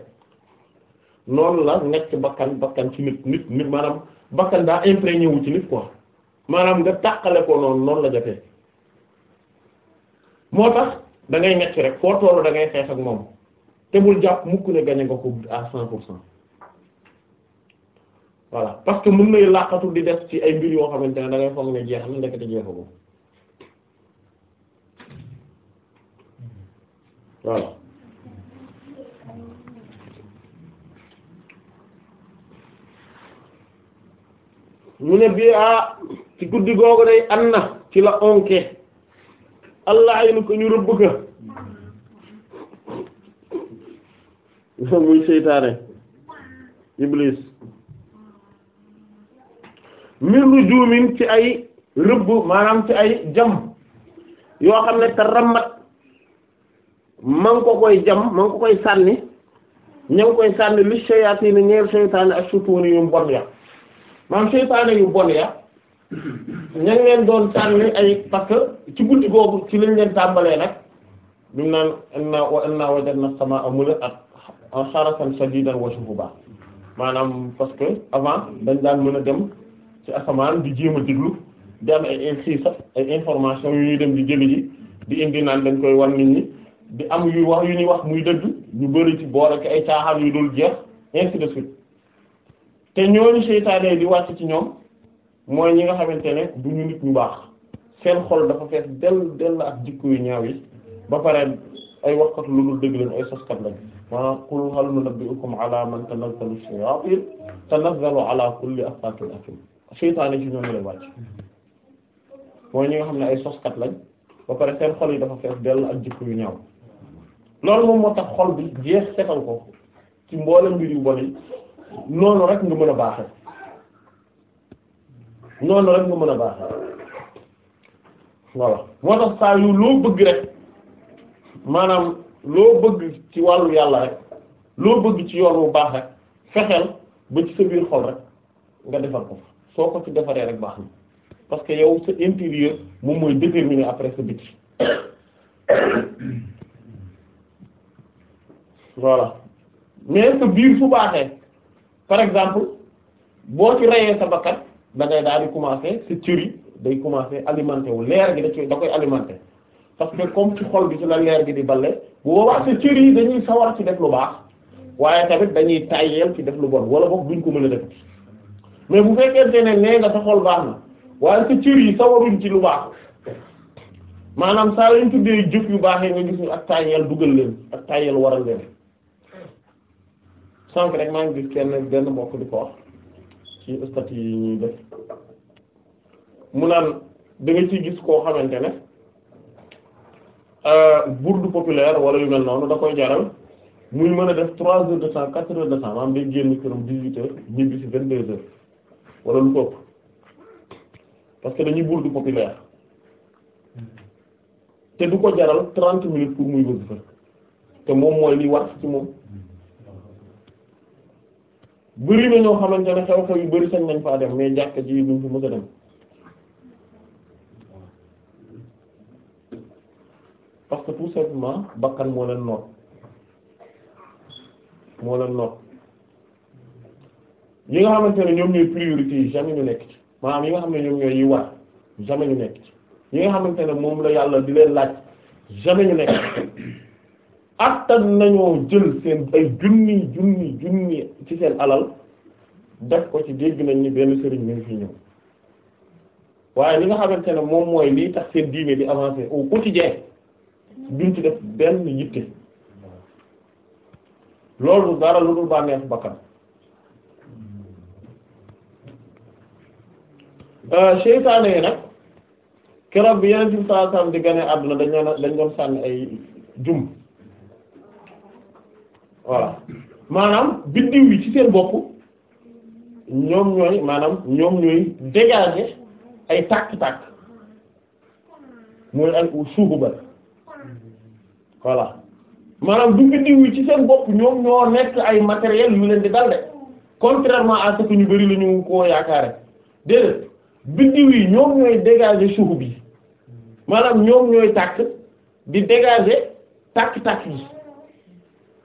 noonu la necc bakkan bakkan ci nit nit nit maanaam bakkan daa imprégné wu ci nit ko maanaam nga tàqale ko noonu noonu la jafe moo tax da ngay necc rek foo tollu da xeex ak moom. te bul jàpp mukk ne gañe nga ko à cent pour cent voilà parce que mën nay laqatu di def ci ay mbir yoo xamante ne da ngay foog ne jeex na ndekete mu ne bi a ah, ci guddi googu day an na ci la onke allah ay nu ko ñu rëbb ka muy seytaane iblis min rujumin ci ay rëbb maanaam ci ay jam yoo xam ne te rammat ma ko koy jam ma ko koy sànni ña ngi koy sànni li shayaatin ñeer seytaane ak sutuuni yu bon ya maanaam seytaane yu bon ya ña ngi leen doon sànni ay parce que ci bunti googu ci lañ leen tàmbalee nag ñu naan inna wa inna wajadna as-samaa mula'at sa xarafan shadidan bu baax maanaam parce que avant dañ daan mën a dem ci asamaan di jéem a déglu di am ay xiisa ay information yu ñuy dem di jëli ji di indi naan dañ koy wan nit ñi di am yu wax yu ñuy wax muy dëgg ñu bëri ci boor ak ay caaxaan yu dul jeex ainsi te ñooñu seytaane di wàcc ci ñoom mooy ñi nga xamante ne du ñu nit ñu baax seen xol dafa fees dell dell ak jikko yu ñaaw yi ba pare ay waxkat lu dul dëgg lañ ay soskat lañ maanaam qul hal nunabbi'ukum ala man tanazzalu shayatin tanazzalu ala kulli affakin athim seytaane ci ñooñu lay wàcc mooy ñi nga xam ne ay soskat lañ ba pare seen xol yi dafa fees dell ak jikko yu ñaaw loolu moom moo tax xol bi jeex setal ko ci mboole mbir yu bon yi noonu rek nga mën a baaxe noonu rek nga mën a baaxe voilà moo tax saa yu loo bëgg rek maanaam loo bëgg ci wàllu yàlla rek loo bëgg ci yoon bu baax rek fexeel ba ci sa biir xol rek nga defal ko soo ko ci defaree rek baax na parce que yow sa intérieur moom mooy déterminer après sa biti voilà mais sa biir su baaxee par exemple boo ci reyee sa bakkan da ngay daal di commencer sa cër yi day commencer alimenter wu leer gi da ci da koy alimenter parce que comme ci xol bi ci la leer gi di bale bu boobaa sa cër yi dañuy sawar ci def lu baax waaye tamit dañuy tàyyeel ci def lu bon wala boog duñ ko mën a def mais bu fekkente ne nee nga sa xol baax na waaye sa cër yi sawaruñ ci lu baax maanaam saa lañ tuddee jëf yu baax yi nga gis ñu ak tàyyeel dugal leen ak tàyyeel waral leen sànq rek maa ngi gis kenn benn mbokk di ko wax ci statut yi ñuy def mu naan da ci gis koo xamante ne buur euh, bourde populaire wala yu mel noonu da koy jaral muy mën a def trois heures de cent quatre heures de temps maanaam day génn këram dix-huit heures ñibbi si vingt-deux heures wala lu ko ëpp parce que dañuy bourde populaire te du ko jaral trent minutes pour muy wasifa te moom mooy li war ci moom bëri na ñoo xamante ne xew-xew yu bari sañ nañ faa dem mais jàkk ji duñ fa mës a dem parce que tout simplement bakkan moo leen noot moo leen noot yi nga xamante ne ñoom ñooy priorité yi jamais nekk ci maanaam yi nga xam ne ñoom ñooy yi war jamais ñu nga xamante ne moom yàlla di leen laaj jamais ñu nekk attan nañoo jël seen ay junni junni junni ci seen alal def ko ci dégg nañ ñi benn sëriñ mi ngi fi ñëw waaye li nga xamante ne moom mooy lii tax seen diine di avancer au quotidien duñ ci def benn yitte loolu dara lu dul bànneexu bakkan euh, seytaane yi nag keroog bi yeneen bi sallallahu alayhi wasallam di àdduna dañoo dañ doon sànni ay jum voilà maanaam biddiw yi ci seen bopp ñoom ñooy maanaam ñoom ñooy dégager ay tàkk-tàkk mooy ay suufu ba voilà maanaam du indiwu ci seen bopp ñoom ñoo nekk ay matériel yu leen di dal de contrairement à ce ñu bari la ñu koo yaakaare déedéet biddiw yi ñoom ñooy dégager suuf bi maanaam ñoom ñooy tàkk di dégager tàkk-tàkk yi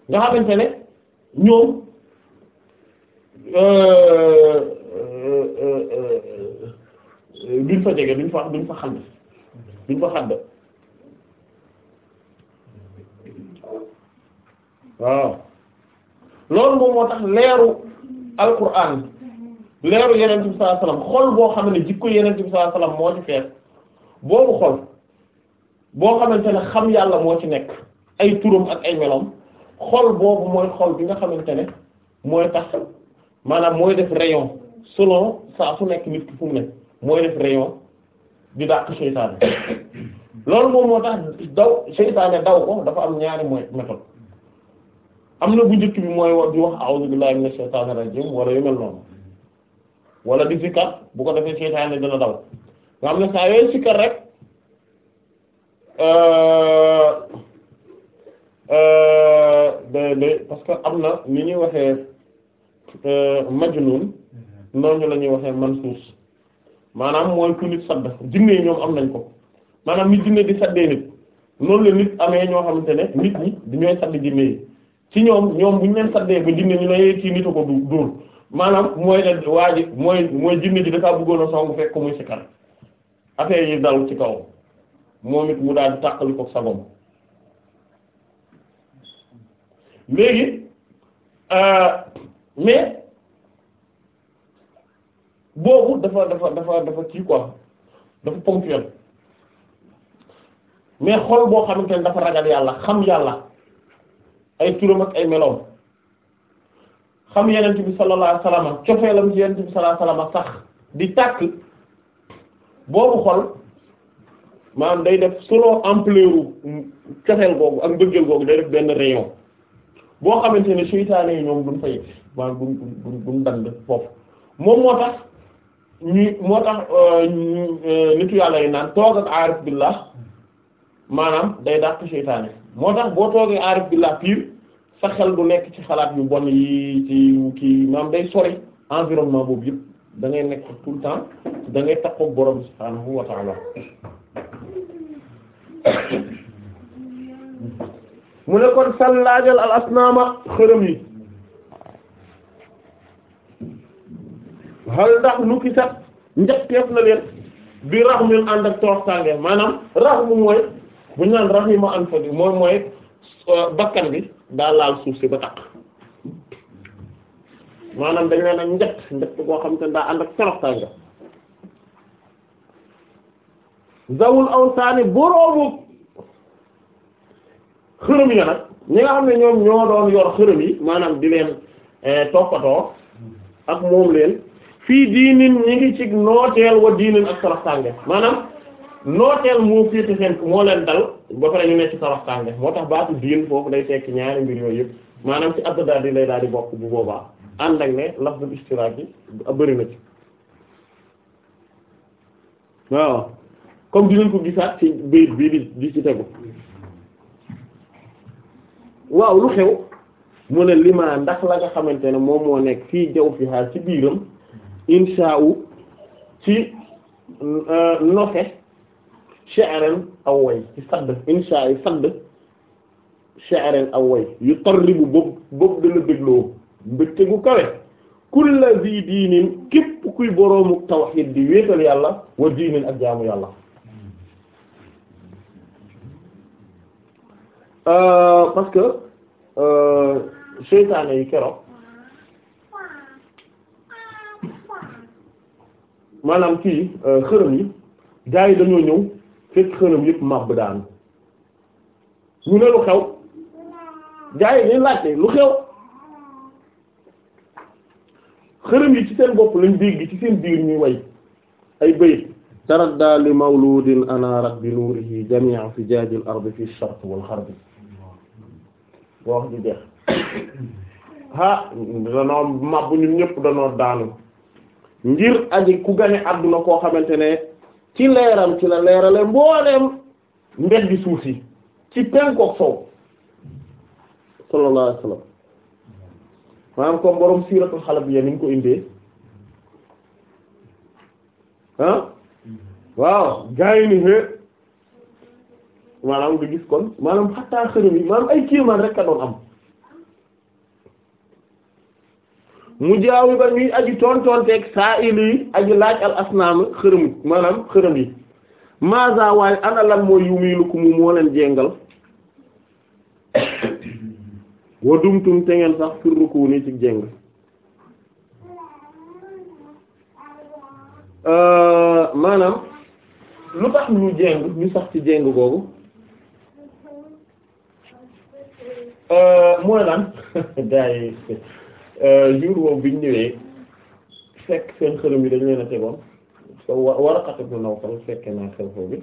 nga xamante ne ñoom euh, euh, euh, duñ fa jege duñ fa duñ fa xand duñ fa xand waaw loolu moom moo tax leeru alquran leeru yeneen bi sallallahu alayhi xol boo xam ne jikko yenent bi sallallahu alayhi wasallam moo ci fees boobu xol boo xamante ne xam yàlla moo ci nekk ay turam ak ay melom xol boobu mooy xol bi nga xamante ne mooy tax maanaam mooy def rayon selon saa su nekk nit ki fu mu nekk mooy def rayon di dàq seytaane loolu moom moo tax daw seytaane daw ko dafa am ñaari mooy méthode am na bu njëkk bi mooy wax di wax a'udhu billahi minash shaytanir rajim wala yu mel noonu wala di sikkar bu ko defee seytaane dina daw nga xam ne saa yooyu sikkar rek euh, euh, parce que am na ni ñuy waxee euh, majnun noonu la ñuy waxee mansuus maanaam mooy ku nit sadd jinne yi ñoom am nañ ko maanaam ni jinne di saddee nit noonu la nit amee ñoo xamante ne nit ñi di ñooy sadd jinne yi ci ñoom ñoom bu ñu leen saddee ba jinne ñu ne ci nitu ko du dóor maanaam mooy la waa mooy mooy jinne ji dafa bëggoon a song fekk muy sikkar affaire yi dal ci kaw moom it mu daal di tàqali ko sagom léegi euh, mais boobu dafa dafa dafa dafa kii quoi dafa ponctuel mais xol boo xamante ne dafa ragal yàlla xam yàlla ay turam ak ay meloom xam yenent bi sallallahu alayhi wasallam cofeelam ci yenent bi sallallahu alayhi sax di tàkk boobu xol maanaam day def selon ampleur cofeel googu ak mbëggeel googu day def benn rayon boo xamante ne seytaane yi ñoom duñ fa yegg maanaam duñ duñ duñ foofu moom moo tax ñu moo tax euh, euh, nitu yàlla yi naan toog ak aarif billah maanaam day dàq seytaane moo tax boo toogee aarif billah pire sa xel du nekk ci xalaat yu bon yi ci kii maam day sori environnement boobu yëpp da ngay nekk tout le temps da ngay takkoog borom subhaanahu wa ta'ala mu ne kon sallaajal al asnaama xërëm yi hal ndax lu ki sax njëkk na leen bi raxmil ànd ak toroxtaange maanaam raxmu mooy bu ñu naan rahima an fa bi moom mooy euh, bakkan bi daa laal suuf si ba takk maanaam dañ leen ak njett njett koo xam te ne daa ànd ak toroxtaan nga zawul awsaani boroomu xërëm ya nag ñi nga xam ne ñoom ñoo doon yor xërëm yi maanaam di leen euh, toppatoo ak moom leen fii diinin ñi ngi ci nooteel wa diinin ak toroxtaan maanaam nooteel moo féete seen moo leen dal ba pare ñu ne ci tabax tànge moo tax baatu diin foofu day tekki ñaari mbir yooyu yëpp maanaam ci abd daal di lay daal di bokk bu boobaa ànd ak ne lafdul istiraaki bëri na ci waaw comme dinañ ko gisaat ci bayit bii di di ci tegu waaw lu xew mu ne limaa ndax la nga xamante ne moom moo nekk fii jaw fi xaar ci biiram insha u ci euh, noxe shi'ran aw way ci sadd insha yi sadd shi'ran aw way yu tarribu boobu boobu dana dégloo mbégte gu kawe kulla zi diinin képp kuy boroomu tawxiid di wéetal yàlla wa diinin ak jaamu yàlla parce que seytaane yi keroog maanaam kii xërëm yi gaa yi dañoo ñëw fekk xëram yëpp màbb daanu ñu ne lu xew gaa yi laajte lu xew xërëm yi ci seen bopp lañ dégg ci seen biir ñuy way ay bayit taradda li mawludin anaarat bi nuurihi jami'a fi jaajil ardi fi shart wal xarbi boo wax ji jeex ha danoo màbb ñun ñëpp danoo daanu ngir aji ku gane àdduna koo xamante ne ci leeram ci la leerale mbooleem mbeddi suuf yi ci penkook sow sallallahu alayhi wasallam maanaam comme borom siiratul xalabiyya ni ñu ko indee ah waaw gars yi ni maanaam nga gis kon maanaam xattaa xërëm yi maanaam ay kéemaan rek a doon am mu jaawi ba ñuy aji tontonteeg saa ili aji laaj al asnaam xërëm maanaam xërëm yi maasa waaye ana lan mooy yumilukum moo leen jengal wa dumtum te ngeen sax fir ruku ci jeng euh, maanaam lu tax ñu jeng ñu sax ci jeng googu euh, mooy lan gaa Euh, jour woowu bi ñu ñëwee fekk seen xërëm yi dañ leen a tegoon so Waraqat ibn Nawfal fekkee naa xew-xew bi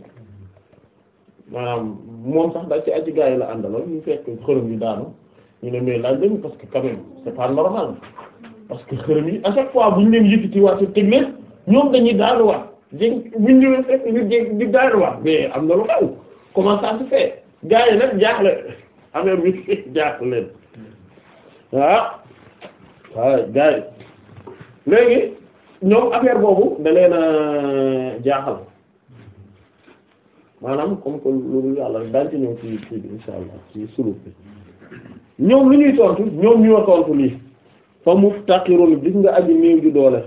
maanaam moom sax daal ci aji gaa yi la àndaloon ñu fekk xërëm yi daanu ñu ne mais laaj lañu parce que quand même c'est pas normal parce que xërëm yi à chaque fois bu ñu leen yëkkati waat su teg leen ñoom dañuy daanuwaat jéeg bu ñu ñëwee fekk ñu jéeg di daanuwaat mais am na lu xew comment fait gaa nag jaaxle affaire bi jaaxle leen waaw. Ah! waaw gars yi léegi ñoom affaire boobu da leen a jaaxal maanaam comme que loolu yàlla daan ci ñëw ci ci insha allah ci suluk bi ñoom lu ñuy tontu ñoom ñoo tontu lii fa muftaqirun gis nga aji néew ju doole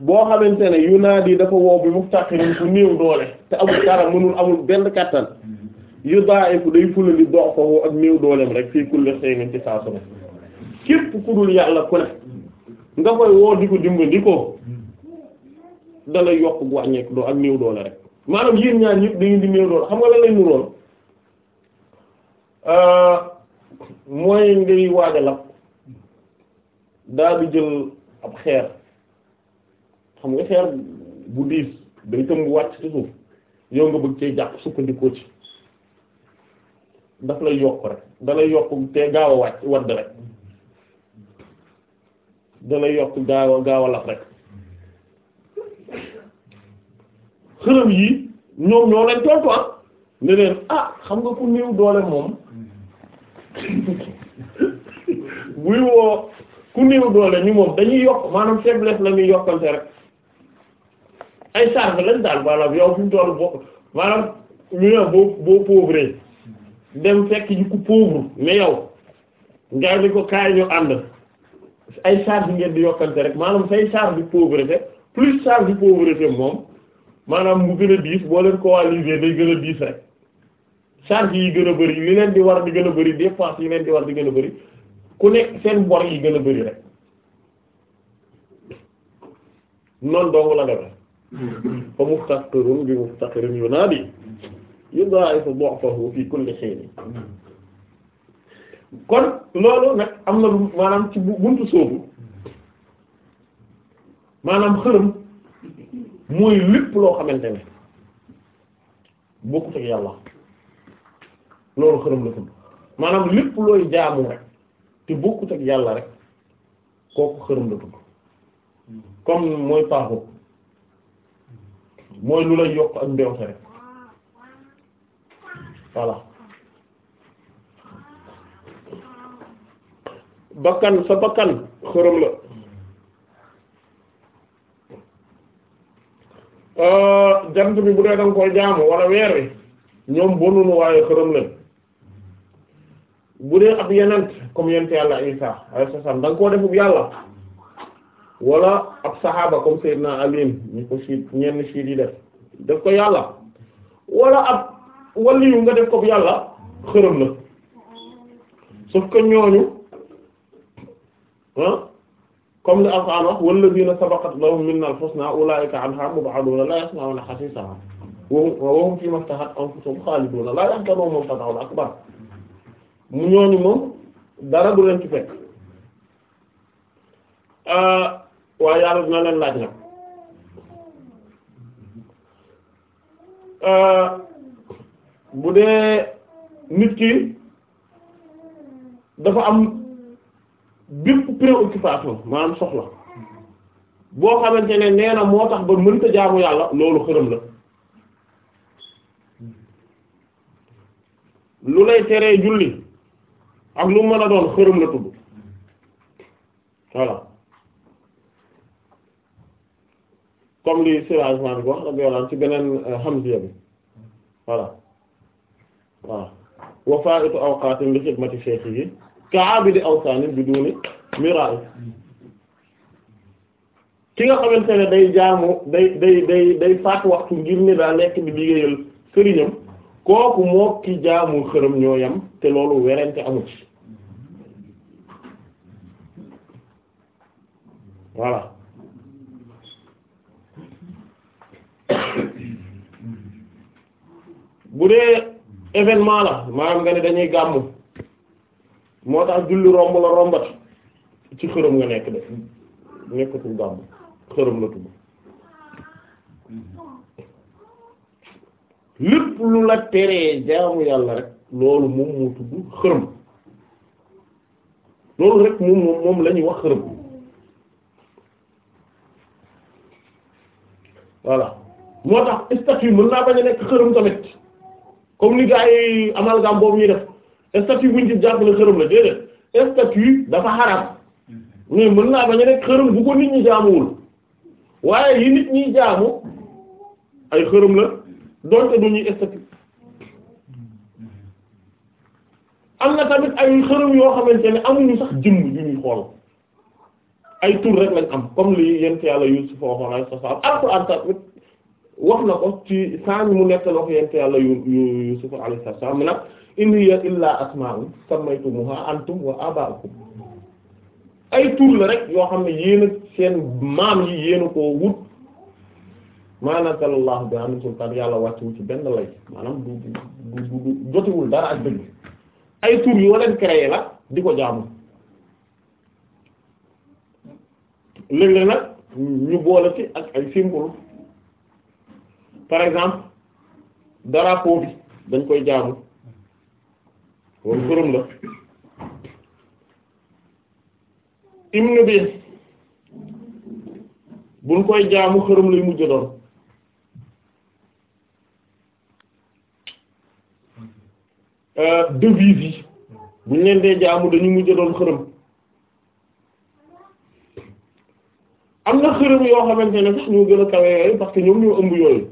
boo xamante ne yu naa di dafa wow bi muftaqirun ku néew doole te amul dara mënul amul benn kattan yu daa fu day fulali dox ko ak néew dooleem rek fii kulli xëy nañ ci saa su ne képp ku dul yàlla ku ne nga koy woo di ko dimbali dalay yokk bu wàññeeku doo ak néew doole rek maanaam yéen ñaar ñëpp da ngeen di néew doole xam nga lan lay nurool euh, mooy ngay waaj a daal di jël ab xeer xam nga xeer bu diis day tëm bu wàcc ci suuf yow nga bëgg cee jàpp sukkandikoo ci daf lay yokk rek dalay yokk te gaaw a wàcc wadd rek da yokk gaaw a gaaw laf rek xërëm yi ñoom ñoo leen tontu ah. leen ah xam nga ku néew doole moom buy woo ku néew doole ñu moom dañuy yokk maanaam faiblesse lañuy ñuy yokkante rek ay charge lañ daal maanaam yow fi mu toll boo maanaam ñu ne boo boo pauvre dem fekk ñu ko pauvre mais yow nga ko kaay ñu ànd ay charge ngeen di yokkante rek maanaam say charge de pauvreté plus charge de pauvreté moom maanaam mu gën a diis boo leen coaliser day gën a diis rek charge yi gën a bëri li leen di war di gën a bëri dépense yi leen di war di gën a bëri ku nekk seen bor yi gën a bëri rek noonu dong la mu fa muftaqirun bi muftaqirun yunaadi yudaa'ifu du'fahu fi kulli hiin kon loolu nag am na lu maanaam ci buntu soobu maanaam xërëm mooy lépp loo xamante ne bokkut ak yàlla loolu xërëm la tudd maanaam lépp looy jaamu rek te bokkut ak yàlla rek kooku xërëm la tudd comme mooy paaxut mooy lu lay yokk ak mbewte rek voilà bakkan sa bakkan xërëm la euh, jant bi bu dee danga koy jaamu wala weer wi ñoom bonunu waaye xërëm la bu dee ab yenent comme yent yàlla Isa alayhi salaam da nga koo defub yàlla wala ab saxaaba comme Seydina Ali ñu ko siit ñenn siit yi def def ko yàlla wala ab waliyu nga def ko yàlla xërëm la sauf que ñooñu comme li Alxuraan wax wallaziina sabaqat lahum minnal husnaa ulaa'ika anhaa mub'aduuna laa yasma'uuna hamiimaa wa hum fiimaa ishtahat anfusuhum xaaliduuna laa yaqdaruuna muntazaa'ul akbar mu ñooñu moom dara du leen ci fekk ah, waaye yàlla dina leen laaj nag ah, bu dee nit ki dafa am. bépp préoccupation maanaam soxla boo xamante ne nee na moo tax ba mënta jaamu yàlla loolu xërëm la lu lay teree julli ak lu mën a doon xërëm la tudd voilà comme li sirage man wax rabbi walla ci beneen euh, hamziya bi voilà waaw wafaitu awqatin li xidmati shaykhi ka'abidi awsaanin biduni mira'i ki nga xamante ne day jaamu day day day day faat waxtu ngir ne daa lekk di liggéeyal sëriñam kooku moo ki jaamu xërëm ñoo yam te loolu werante amu ci voilà bu dee événement la maanaam nga ne dañuy gàmmu moo tax julli romb la rombati ci xërëm nga nekk def nekkatul gàmm xërëm la tudd lépp lu la teree jaamu yàlla rek loolu moom moo tudd xërëm loolu rek moom moom moom wax xërëm voilà moo tax statut mën naa bañ nekk xërëm tamit comme ni gaa yi amalgame def statut bu ñu ci jàppale xërëm la déedéet statut dafa xaraam mais mën naa bañ a nekk xërëm bu ko nit ñi jaamuwul waaye yi nit ñi jaamu ay xërëm la doonte du ñuy statut am na tamit ay xërëm yoo xamante ne amuñu sax jëmm yu ñuy xool ay tur rek lañ am comme li yent yàlla Yuusuf waxoon ay sa sa am wax na ko ci saami mu nekk la ko yent yàlla yu Yusuf alayhi salaam mu nag in hiya illaa asmaa'un sammaytumuhaa antum wa abaa'ukum ay tur la rek yoo xam ne yéen seen maam yi yéen a koo wut ma nazzala Allahu bihaa min sultaan yàlla wàccu ci benn lay maanaam du du du jotiwul dara ak dëgg ay tur yoo leen créé la di ko jaamu léeg-léeg nag ñu boole ci ak ay symbole par exemple drapeau bi dañ koy jaamu loolu turam la hymne bi buñ koy jaamu xërëm lay mujj doon euh, devise yi buñ leen dee jaamu dañu mujj doon xërëm am na xërëm yoo xamante ne sax ñoo gën a kawe yooyu parce que ñoom ñoo ëmb yooyu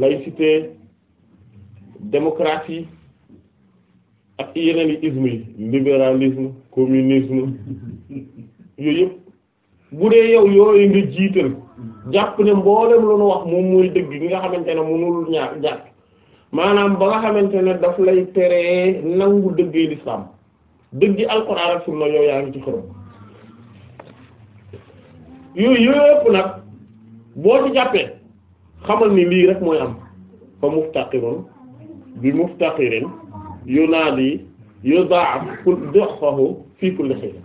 laïcité démocratie ak yeneen i isme yi libéralisme communisme yooyu yëpp bu dee yow yooyu nga jiital jàpp ne mboolem lu wax moom mooy dëgg gi nga xamante ne mënul ñaar jàpp maanaam ba nga xamante ne daf lay teree nangu dëggee lislaam dëgg alxuraan ak sunna yow yaa ngi ci xërëm yooyu yëpp nag boo ci jàppee xamal ni lii rek mooy am fa muftaqirun bi muftaqirin yunaadi yudaaf kul duxahu fii kulli xiin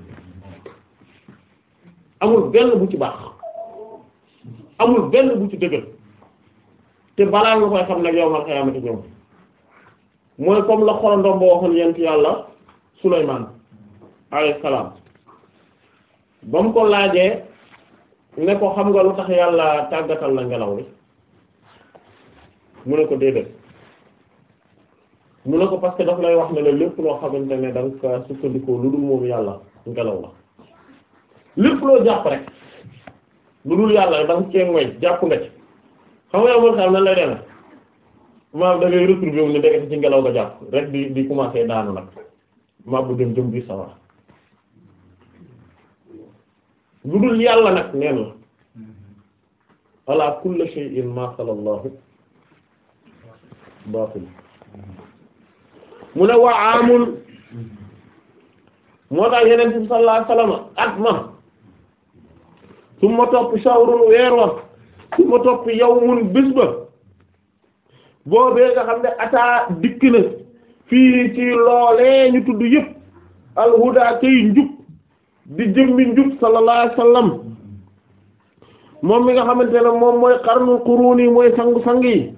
amul benn bu ci baax amul benn bu ci dëgër te balaa nga koy xam nag yow man xëyaamati ñëw mooy comme la xorondom ba waxoon yent yàlla Sulaymaan alayhi salaam ba mu ko laajee ne ko xam nga lu tax yàlla tàggatal la ngelaw li mu ne ko déedéet mu ne ko parce que daf lay wax ne la lépp loo xamante ne da nga ko sukkandikoo lu dul moom yàlla ngelaw la lépp loo jàpp rek lu dul yàlla da nga cee moy jàpp nga ci xam nga amoon xam nan lay deme maam da ngay retrouver wu ne dégg ci ngelaw nga jàpp rek di di commencer daanu nag maa bu dem jëm biir sa lu dul yàlla nag neen la ala kulli shay'in ma sallallahu baatil mu ne waa amul moo tax yeneen bi sallallahu alayhi wasallam at ma su ma topp shawrun weer wa su ma topp yawmun bis ba boobee nga xam ne ataa dikk na fii ci loolee ñu tudd yëpp alhuda kay njub di jëmbi njub sallallahu alayhi moom mi nga xamante ne moom mooy qarnul quruni mooy sangu sang yi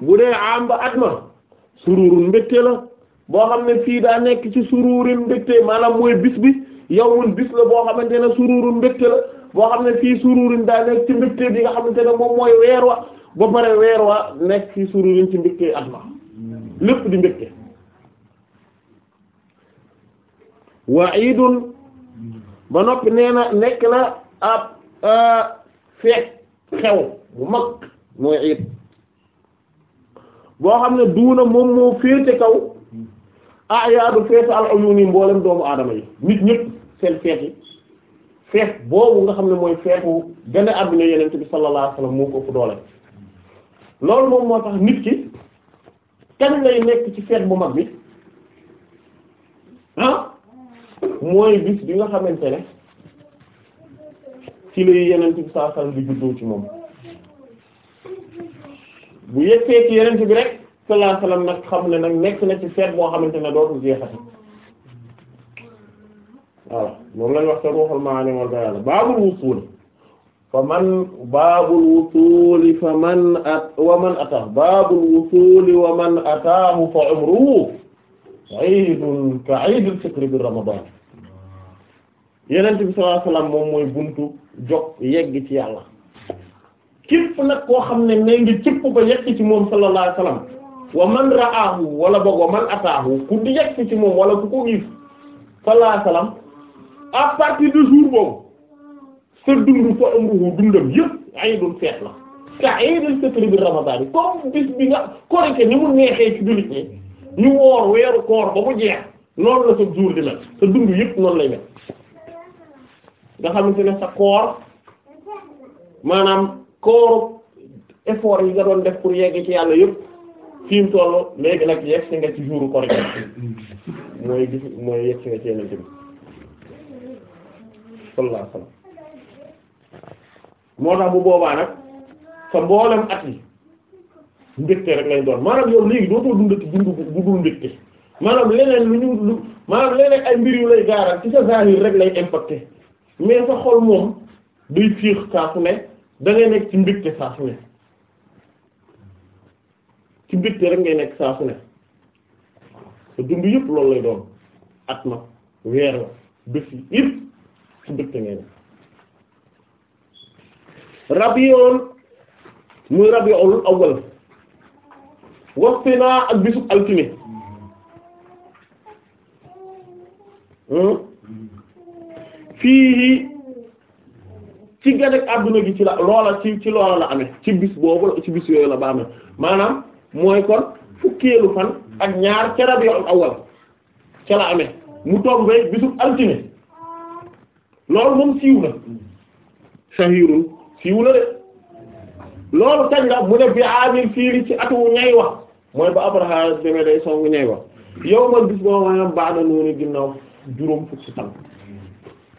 bu dee am ba at ma sururun mbégte la boo xam ne fii daa nekk ci sururin mbégte maanaam mooy bis bi yow mun bis la boo xamante ne sururun mbégte la boo xam ne fii sururin daa nekk ci mbégte bi nga xamante ne moom mooy weer wa ba pare weer wa nekk fii sururin ci mbégte at ma lépp di mbégte waa idun ba noppi nee na nekk na ab euh, feet xew bu mag mooy it boo xam ne na moom moo féete kaw ayaadu feetu al uyuni mboolem doomu aadama yi nit ñëpp seen feet yi feet boobu nga xam ne mooy feetu gën a àdduna yeneen bi sallallahu alayhi moo ko fu doole loolu moom moo tax nit ki kañ lay nekk ci feet bu mag bi ah mooy bis bi nga xamante ne ci lay yeneen bi sallallahu alayhi wasallam juddoo ci moom bu yegsee ci yeneen bi rek sallallahu alayhi wasallam nag xam ne nag nekk na ci feet boo xamante ne dootul jeexati voilà moom lañ wax te ruuxul maani wal bayaan baabul wusuul fa man baabul wusuuli fa man at wa man ataahu baabul wusuuli wa man ataahu fa umruhu iidun ka iidil fitri bi ramadaan yeneen bi sallallahu alayhi wasallam moom mooy buntu jog yegg ci yàlla képp nag koo xam ne nee ngi cëpp ba yegg ci moom sallallahu alayhi wasallam wa man ra'ahu wala boog wa man ataahu ku di yegg ci moom wala ku ko gis sallallahu alayhi wasallam à partir de jour boobu sa dund fa umruhu dundam yëpp aydul feet la ka aydul fitr bi ramadaan yi comme bis bi nga korite ni mu neexee ci jullit ñi ñu woor weeru koor ba mu jeex noonu la sa jour di mel sa dund yëpp noonu lay mel nga xamante ne sa koor maanaam kooru effort yi nga doon def pour yegg ci yàlla yëpp fi mu toll léegi nag yegg si nga ci jouru korite mooy gis mooy yegg si nga ci yeneen bi sallallahu alayhi moo tax bu boobaa nag sa mboolem at yi mbégte rek lay doon maanaam yow léegi dootoo dundati dundu bu dul mbégte maanaam leneen lu ñu lu maanaam leneen ay mbir yu lay gaaral ci sa zahir rek lay impacté mais sa xol moom day fiix saa ne da ngay nekk ci mbégte saa su ne ci mbégte rek ngay nekk saa su ne sa dund yëpp loolu lay doon at ma weer la bés yi yëpp ci mbégte ngay nekk rabiyoon muy rabiul awwal waxte naa ak bisub altine hmm? fii ci gànnaog adduna gi ci la loola ci ci loola la amee ci bis boobu ci bis yooyu la ba amee maanaam mooy kon fukkeelu fan ak ñaar ca rabiul awwal ca la amee mu tombé bisub altine loolu moom siiw na sahirul siiw na de loolu tañ la mu ne bi amir fiiri ci atu ñay wax mooy ba Abraha demee day songu ñay wax yow man bis boo maanaam baana noonu ginnaaw juróom fukki fan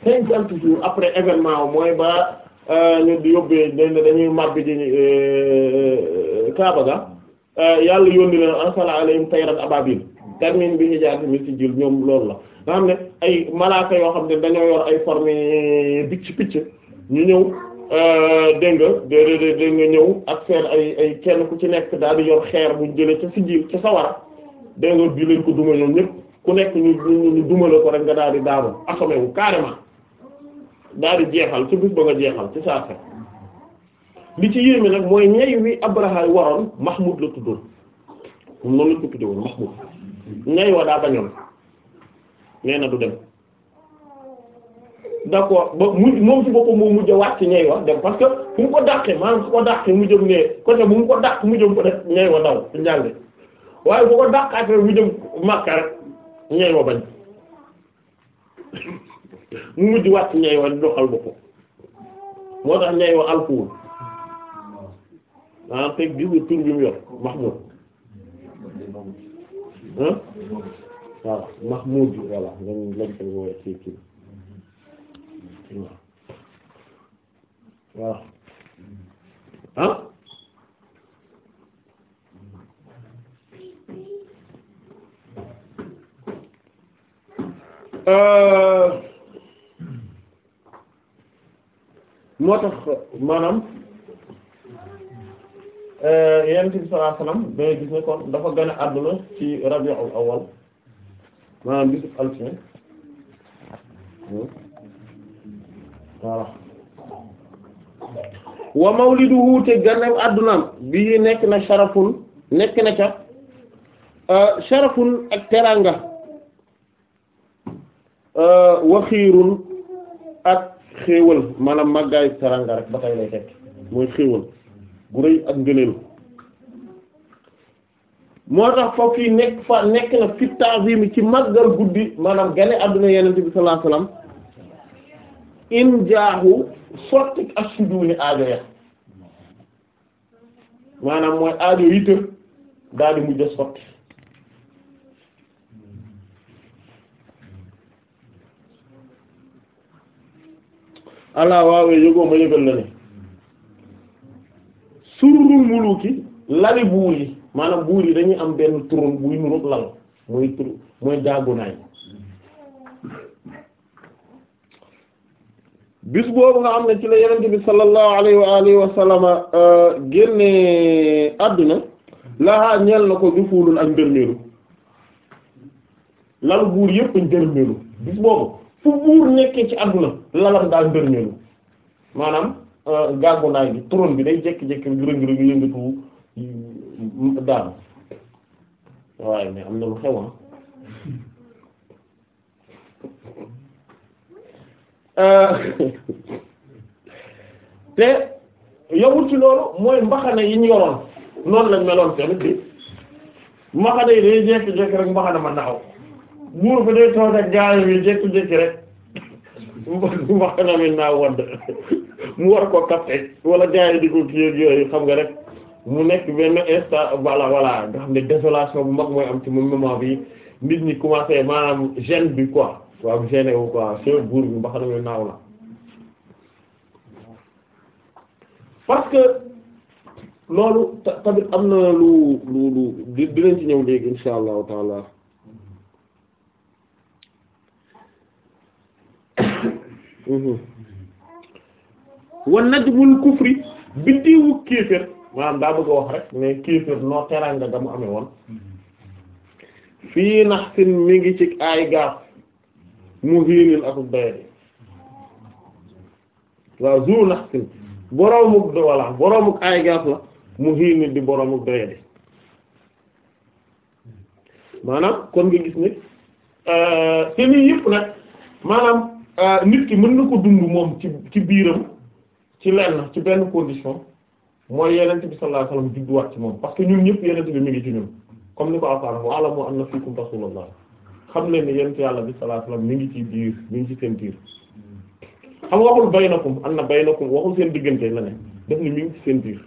cinquante jours après événement mooy ba euh, ñu di yóbbee dañuy màbbi ji euh, euh, Kaaba ga yàlla yónni leen arsala alayhim tayran ababil termine bi hijaar mi ci jil ñoom loolu la nga xam ne ay malaaka yoo xam ne dañoo yor ay forme picc picc ñu ñëw dégg nga déedéet dégg nga ñëw ak seen ay ay kenn ku ci nekk daal di yor xeer bu jële ci si jil ca sawara dégg nga di leen ko duma ñoom ñëpp ku nekk ñu ñu dumale ko rek nga daal di daanu assommé wu daal di jeexal ci bis ba nga jeexal ci saa sa li ci yéeme nag mooy ñay wi Abraha waroon Mahmoud la tuddoon noonu la ko tudde woon daa bañoon nee na du dem d'accord ba mu moom ci boppam moo mujj a wàcc ñay wa dem parce que fu mu ko dàqee maanaam su ko dàqee mu jëm ne côté mu ko dàq mu jëm ko def ñay wa daw ci waaye bu ko dàqaatee mu jëm Makka rek ñay bañ mu mujj wàcc ñay wa di doxal boppam moo tax ñay wa alkuwul maanaam teg gis nga tur bi mu yor Mahmoud ah waaw Mahmoud voilà lañ lañ koy woowe ci kii waaw ah euh moo tax maanaam euh, yonent bi sallallahu alayhi wasallam da ngay gis ne kon dafa gën àdduna ci rabiul awal maanaam bisu altine waaw wa mawliduhu te ganam addunaam bi nekk na sharafun nekk na ca euh, sharafun ak teranga euh, wa ak xéewal maanaam màggaayu teranga rek ba tey lay tekki mooy xéewal gu rëy ak ngëneel moo tax foofu fii nekk fa nekk na fi ta'zim ci màggal guddi maanaam gane adduna yenente bi sallallahu in jaaxu sotti ak sujuni aajo ya maanaam mooy aajo yi tër di mujj sotti alaa waawee yëgoo ma yëgal la ne surrul muluki lali buur yi maanaam buur yi dañuy am benn trône buy nuru lal mooy tur mooy jaagunaay bis boobu nga xam ne ci la yenente bi sallallahu alayhi wa alihi wa sallama euh, àdduna lahaa ñeel na ko jufuulun ak ndërmeelu lalu buur yëpp ndërmeelu bis boobu fu buur nekkee ci àdduna lalam daal ndërñeelu maanaam euh, gàngunaay bi trône bi day jékki-jékki rëng-rëng yëngatu mm, daanu waaye mais am na lu xew ah. euh, te yowul ci loolu mooy mbaxana yi ñu yoroon noonu lañ meloon tamit bi mbaxana yi day jékki-jékki rek mbaxana ma naaw buur ba day toog ak gaay yi jékki-jékki rek mu wax wadd mu war ko capté wala gaay yi di ko kii yooyu xam nga rek mu nekk benn instant voilà voilà nga xam ne désolation bu mag mooy am ci moom moment bi nit ñi commencé maanaam gêne bi quoi waaw gêné wu quoi c'est buur bi mbaxa naaw la parce que loolu tamit am na lu lu lu dinañ ci ñëw léegi insha allahu taala Mhm. wa najmul kufri biddiwu kéefër maanaam daa bëgg a wax rek ne kéefër noo teraanga nga mu amee woon fii nax sin ngi ci ay gaaf mu hiinil ak daya waaw zu nax sin boroomuk walla boroomuk ay gaaf la mu hiinil di boroomuk daya maanaam kon nga gis ne euh, te lii nag maanaam Euh, nit ki mën na ko dund moom ci ci biiram ci lenn ci benn condition mooy yenent bi sallallahu alayhi wasallam ci moom parce que ñun ñëpp yenent bi mu ngi ci ñun comme ni ko alxuraan wa alamu anna fiikum rasulullah xam leen ne yenent yàlla bi sallallahu alayhi wasallam ngi ci biir mi ngi ci seen biir xam waxul baynakum anna baynakum waxul seen diggante la ne def ni mi ngi ci seen biir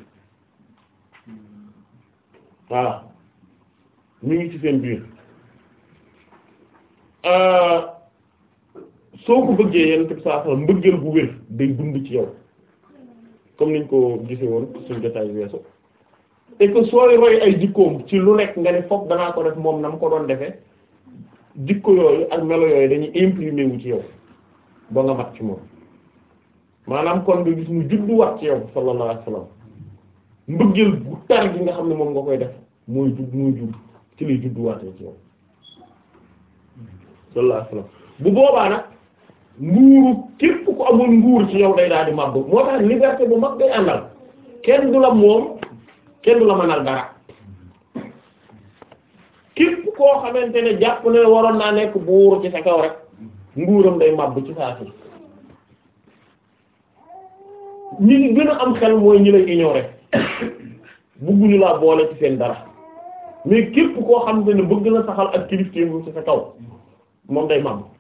voilà mi ngi ci seen biir euh, soo ko bëggee yenn tib saa saa mbëggeel bu wér day dund ci yow comme niñ ko gisee woon suñu jotaay weesu et que sooy roy ay jikkoom ci lu nekk nga ne foog danaa ko def moom na mu ko doon defee jikko yooyu ak melo yooyu dañuy imprimer wu ci yow ba nga mat ci moom maanaam kon nga gis mu juddu wat ci yow sallallahu nga xam ne moom nga koy def mooy judd mooy ci lay judduwaatee ci nguuru képp ko amul nguur ci yow day daal di màbb moo tax liberté bu mag day àndal kenn du la moom kenn du la mënal dara képp koo xamante ne jàpp ne waroon naa nekk buur ci sa kaw rek nguuram day màbb ci saa si ñi gën a am xel mooy ñi lay ignorer bëgguñu laa boole ci seen dara mais képp koo xamante ne bëgg na saxal ak kilifteem ci sa kaw moom day màbb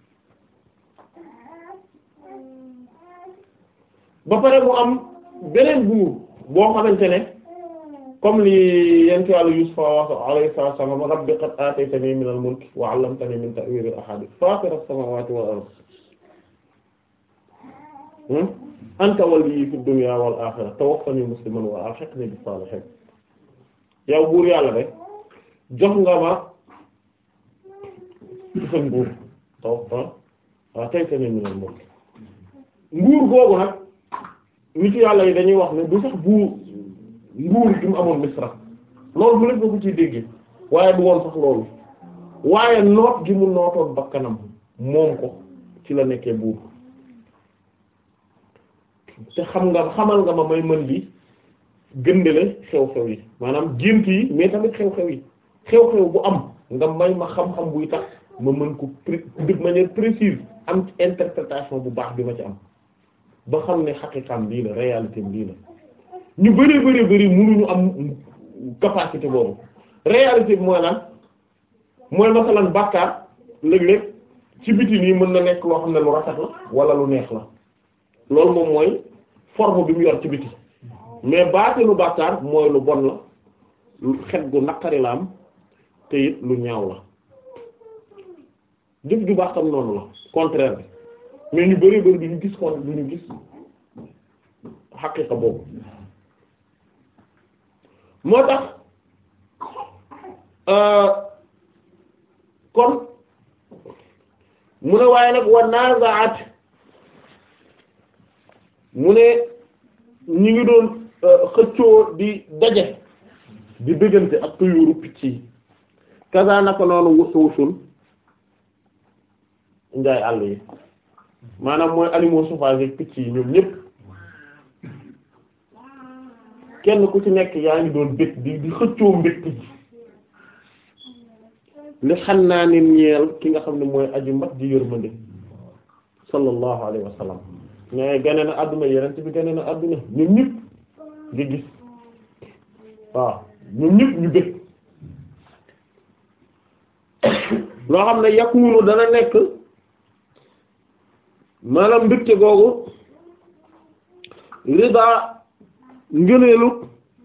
ba pare mu am beneen buur boo xamante ne comme li yent yàlla Yuusuf alayhi salaam rabbi qad aataytanii minal mulki wa 'allamtanii min ta'wiilil ahaadiis faatira as-samaawaati wal ard hmm? anta waliyyi fid dunyaa wal aaxirati tawaffanii musliman wa alhiqnii bis saalihiin yow buur yàlla rek jox nga ma sa nguur tawaffanii minal mulki nguur googu nag nitu yàlla yi dañuy wax ne du sax buur buur gi mu amoon misra loolu mu nekk nga ko ciy déggee waaye du woon sax loolu waaye noot gi mu nootoon bakkanam moom ko ci la nekkee buur te xam nga xamal nga ma may mën di gëndale xew-xew yi maanaam gént yi mais tamit xew-xew yi xew-xew bu am nga may ma xam-xam buy tax ma mën ko ma manière précise am interprétation bu baax bi ma ci am ba xam ne xaqiqam lii la réalité lii la ñu bëree bëri bëri mënuñu am capacité boobu réalité bi mooy lan mooy masalan bàkkaar léeg-léeg ci biti nii mën na nekk loo xam ne lu rafet la wala lu neex la loolu moom mooy forme bi mu yor ci biti mais baatinu bàkkaar mooy lu bon la xet gu naqari la am te it lu ñaaw la jëf ju baax tam noonu la contraire bi mais ñu bari bari duñu gis kon duñu gis xaqiqa boobu moo tax euh, kon mu ne waaye nag war naa zaat mu ne ñu ngi doon euh, xëccoo di daje di dëggante ak tuyuru picc yi kaza naka noonu wusu wusul njaay àll yi maanaam mooy animaux sauvages picc yi ñoom ñëpp kenn ku ci nekk yaa ngi doon bég di di xëccoo mbégte ji li xam naa ne ñeel ki nga xam ne mooy aju mbat di yërmande sallallahu alayhi wa sallam mais gane na adduna yeneen bi gane na adduna ñoom ñëpp di gis waaw ñoom ñëpp ñu bég loo xam ne yàqu dana nekk. maanaam mbégte googu rida ngëneelu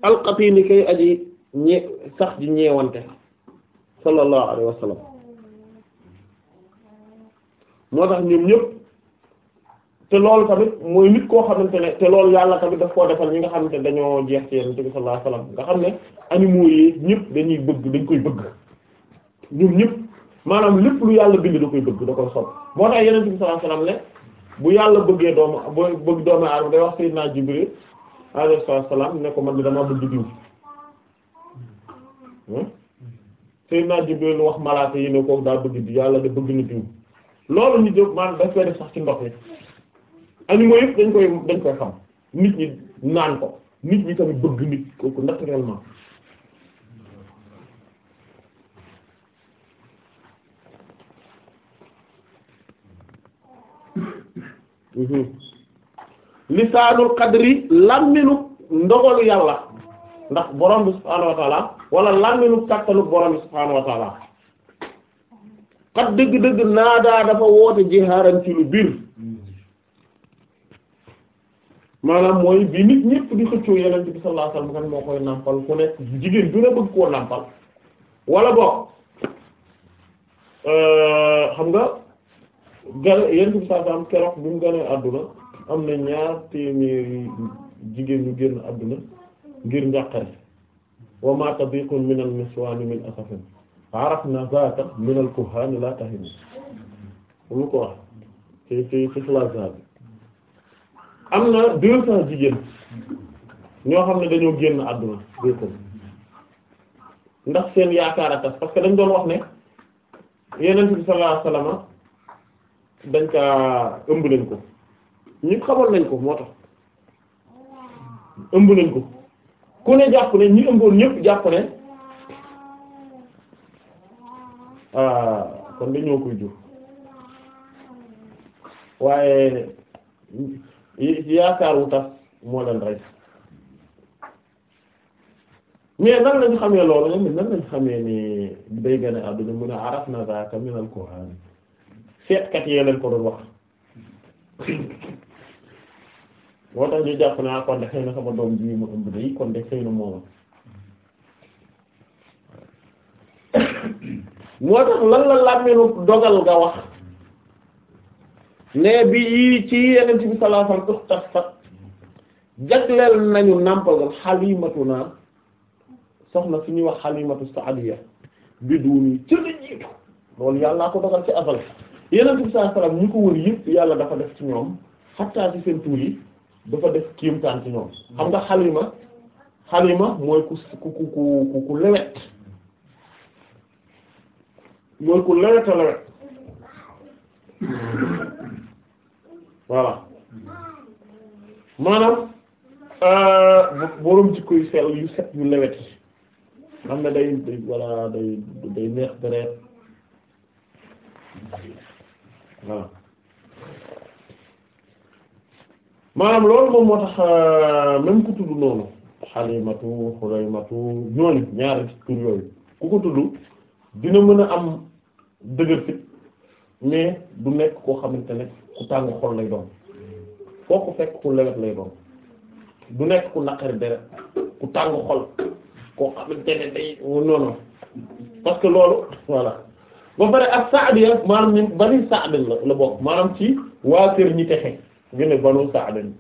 alqatini kay aji ñe sax ji ñeewante sallallahu alayhi wa sallam moo tax ñoom ñëpp te loolu tamit mooy nit koo xamante ne te loolu yàlla tamit daf koo defal ñi nga xamante ne dañoo jeex ci yonent bi sallallahu alayhi nga xam ne animaux yi ñëpp dañuy bëgg dañ koy bëgg ñoom ñëpp maanaam lépp lu yàlla bind da koy bëgg da koy sopp moo tax yonent bi sallallahu alayhi ne bu yàlla bëggee doomu bëgg doomu bu day wax naa Jibril alayhi salaam ne ko man dama bëgg diw hmm? sayyidina Jibril wax malaaka yi ne ko daa bëgg di yàlla de bëgg na diw loolu ñu jóg maanaam daf def sax ci ndox mi animaux yëpp dañ koy dañ koy xam nit ñi naan ko nit ñi tamit bëgg nit kooku naturellement Mhm. lisaanul qadri làmminu ndogalu yàlla ndax borom bi subhaanahu wa taala wala làmminu kàttanu borom bi subhaanahu wa taala kat dëgg-dëgg naadaa dafa woote jihaaran ci lu biir maanaam mooy bi nit ñëpp di xëccoo yonent bi sallallahu alayhi wasallam moo koy nàmpal ku nekk jigéen du na bëgg koo nàmpal wala boog euh, xam nga. gën yéen bi saa saam keroog bi mu gënee àdduna am na ñaar téeméeri jigéen ñu génn àdduna ngir njàqare wa ma tadiqun min al niswani min asafin arafna zaata min al kuhan la tahin lu ko wax ci ci ci xilasa bi am na deux cents jigéen ñoo xam ne dañoo génn àdduna seen yaakaar a tas parce que dañ doon wax ne yeneen bi sallallahu alayhi dañ kaa ëmb nañ ko ñëpp xamoon nañ ko moo tax ëmb nañ ko ku ne jàpp ne ñi ëmboon ñëpp jàpp ne ah, kon dañoo koy jur waaye yaakaar wu tax moo leen rey mais nan lañ xamee loolu nan lañ xamee ni day gën a àdduna mun a na zaaka minal Qur'an seetkat yee leen ko doon wax moo tax ñu jàpp naa ah kon de xëy na sama doom ji ma ëmb day kon de na mooma moo tax lan la làmmiñu dogal nga wax ne bi yii ci yeneen ci bi sallallahu alayhi wasallam taf fat jagleel nañu nàmpagal xalimatu naan soxna su ñuy wax xalimatu saadiya bi duuni ci la jiitu loolu yàllaa ko dogal ci asal yeneen bi saa salaam ñu ko wër yëpp yàlla dafa def ci ñoom xattaa ci seen tuur yi dafa def kéemtaan ci ñoom xam nga xalima xalima mooy ku ku ku ku ku lewet mooy ku lewet a lewet voilà maanaam euh, boroom jikko yu sell yu set yu lewet yi xam ne day day voilà day day neex deret waaw maanaam loolu moom moo tax euh, même ku tudd noonu xalimatu matu ñooñu ñaari tur ku ko tudd dina mën a am dëgër fit mais du nekk koo xamante ne ku tàng xol lay doon foo ko fekk ku lewet lay doon du nekk ku naqari deret ku tàng xol koo xamante ne day noonu parce que loolu voilà ba pare ak saadiya maanaam ñun banu saadin la la bokk maanaam ci waa kër ñi texe ñu ne banu saadin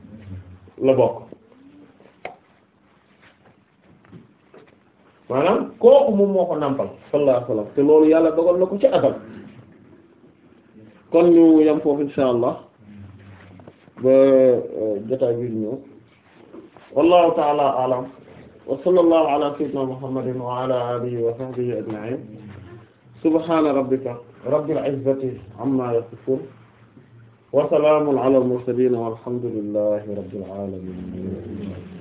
la bokk maanaam kooku moom moo ko nàmpal sallallahu alayhi wasallam te loolu yàlla dogal na ko ci adam kon ñu yam foofu insha allah ba euh, jotaay bi ñëw wallahu ta'ala a'lam wa sallallahu ala sayyidina wa ala wa sahbihi ajma'in subhaana rabbika rabbil izzati amma yasifun wa salaamun ala al mursaliin walhamdulillahi rabbil aalamiin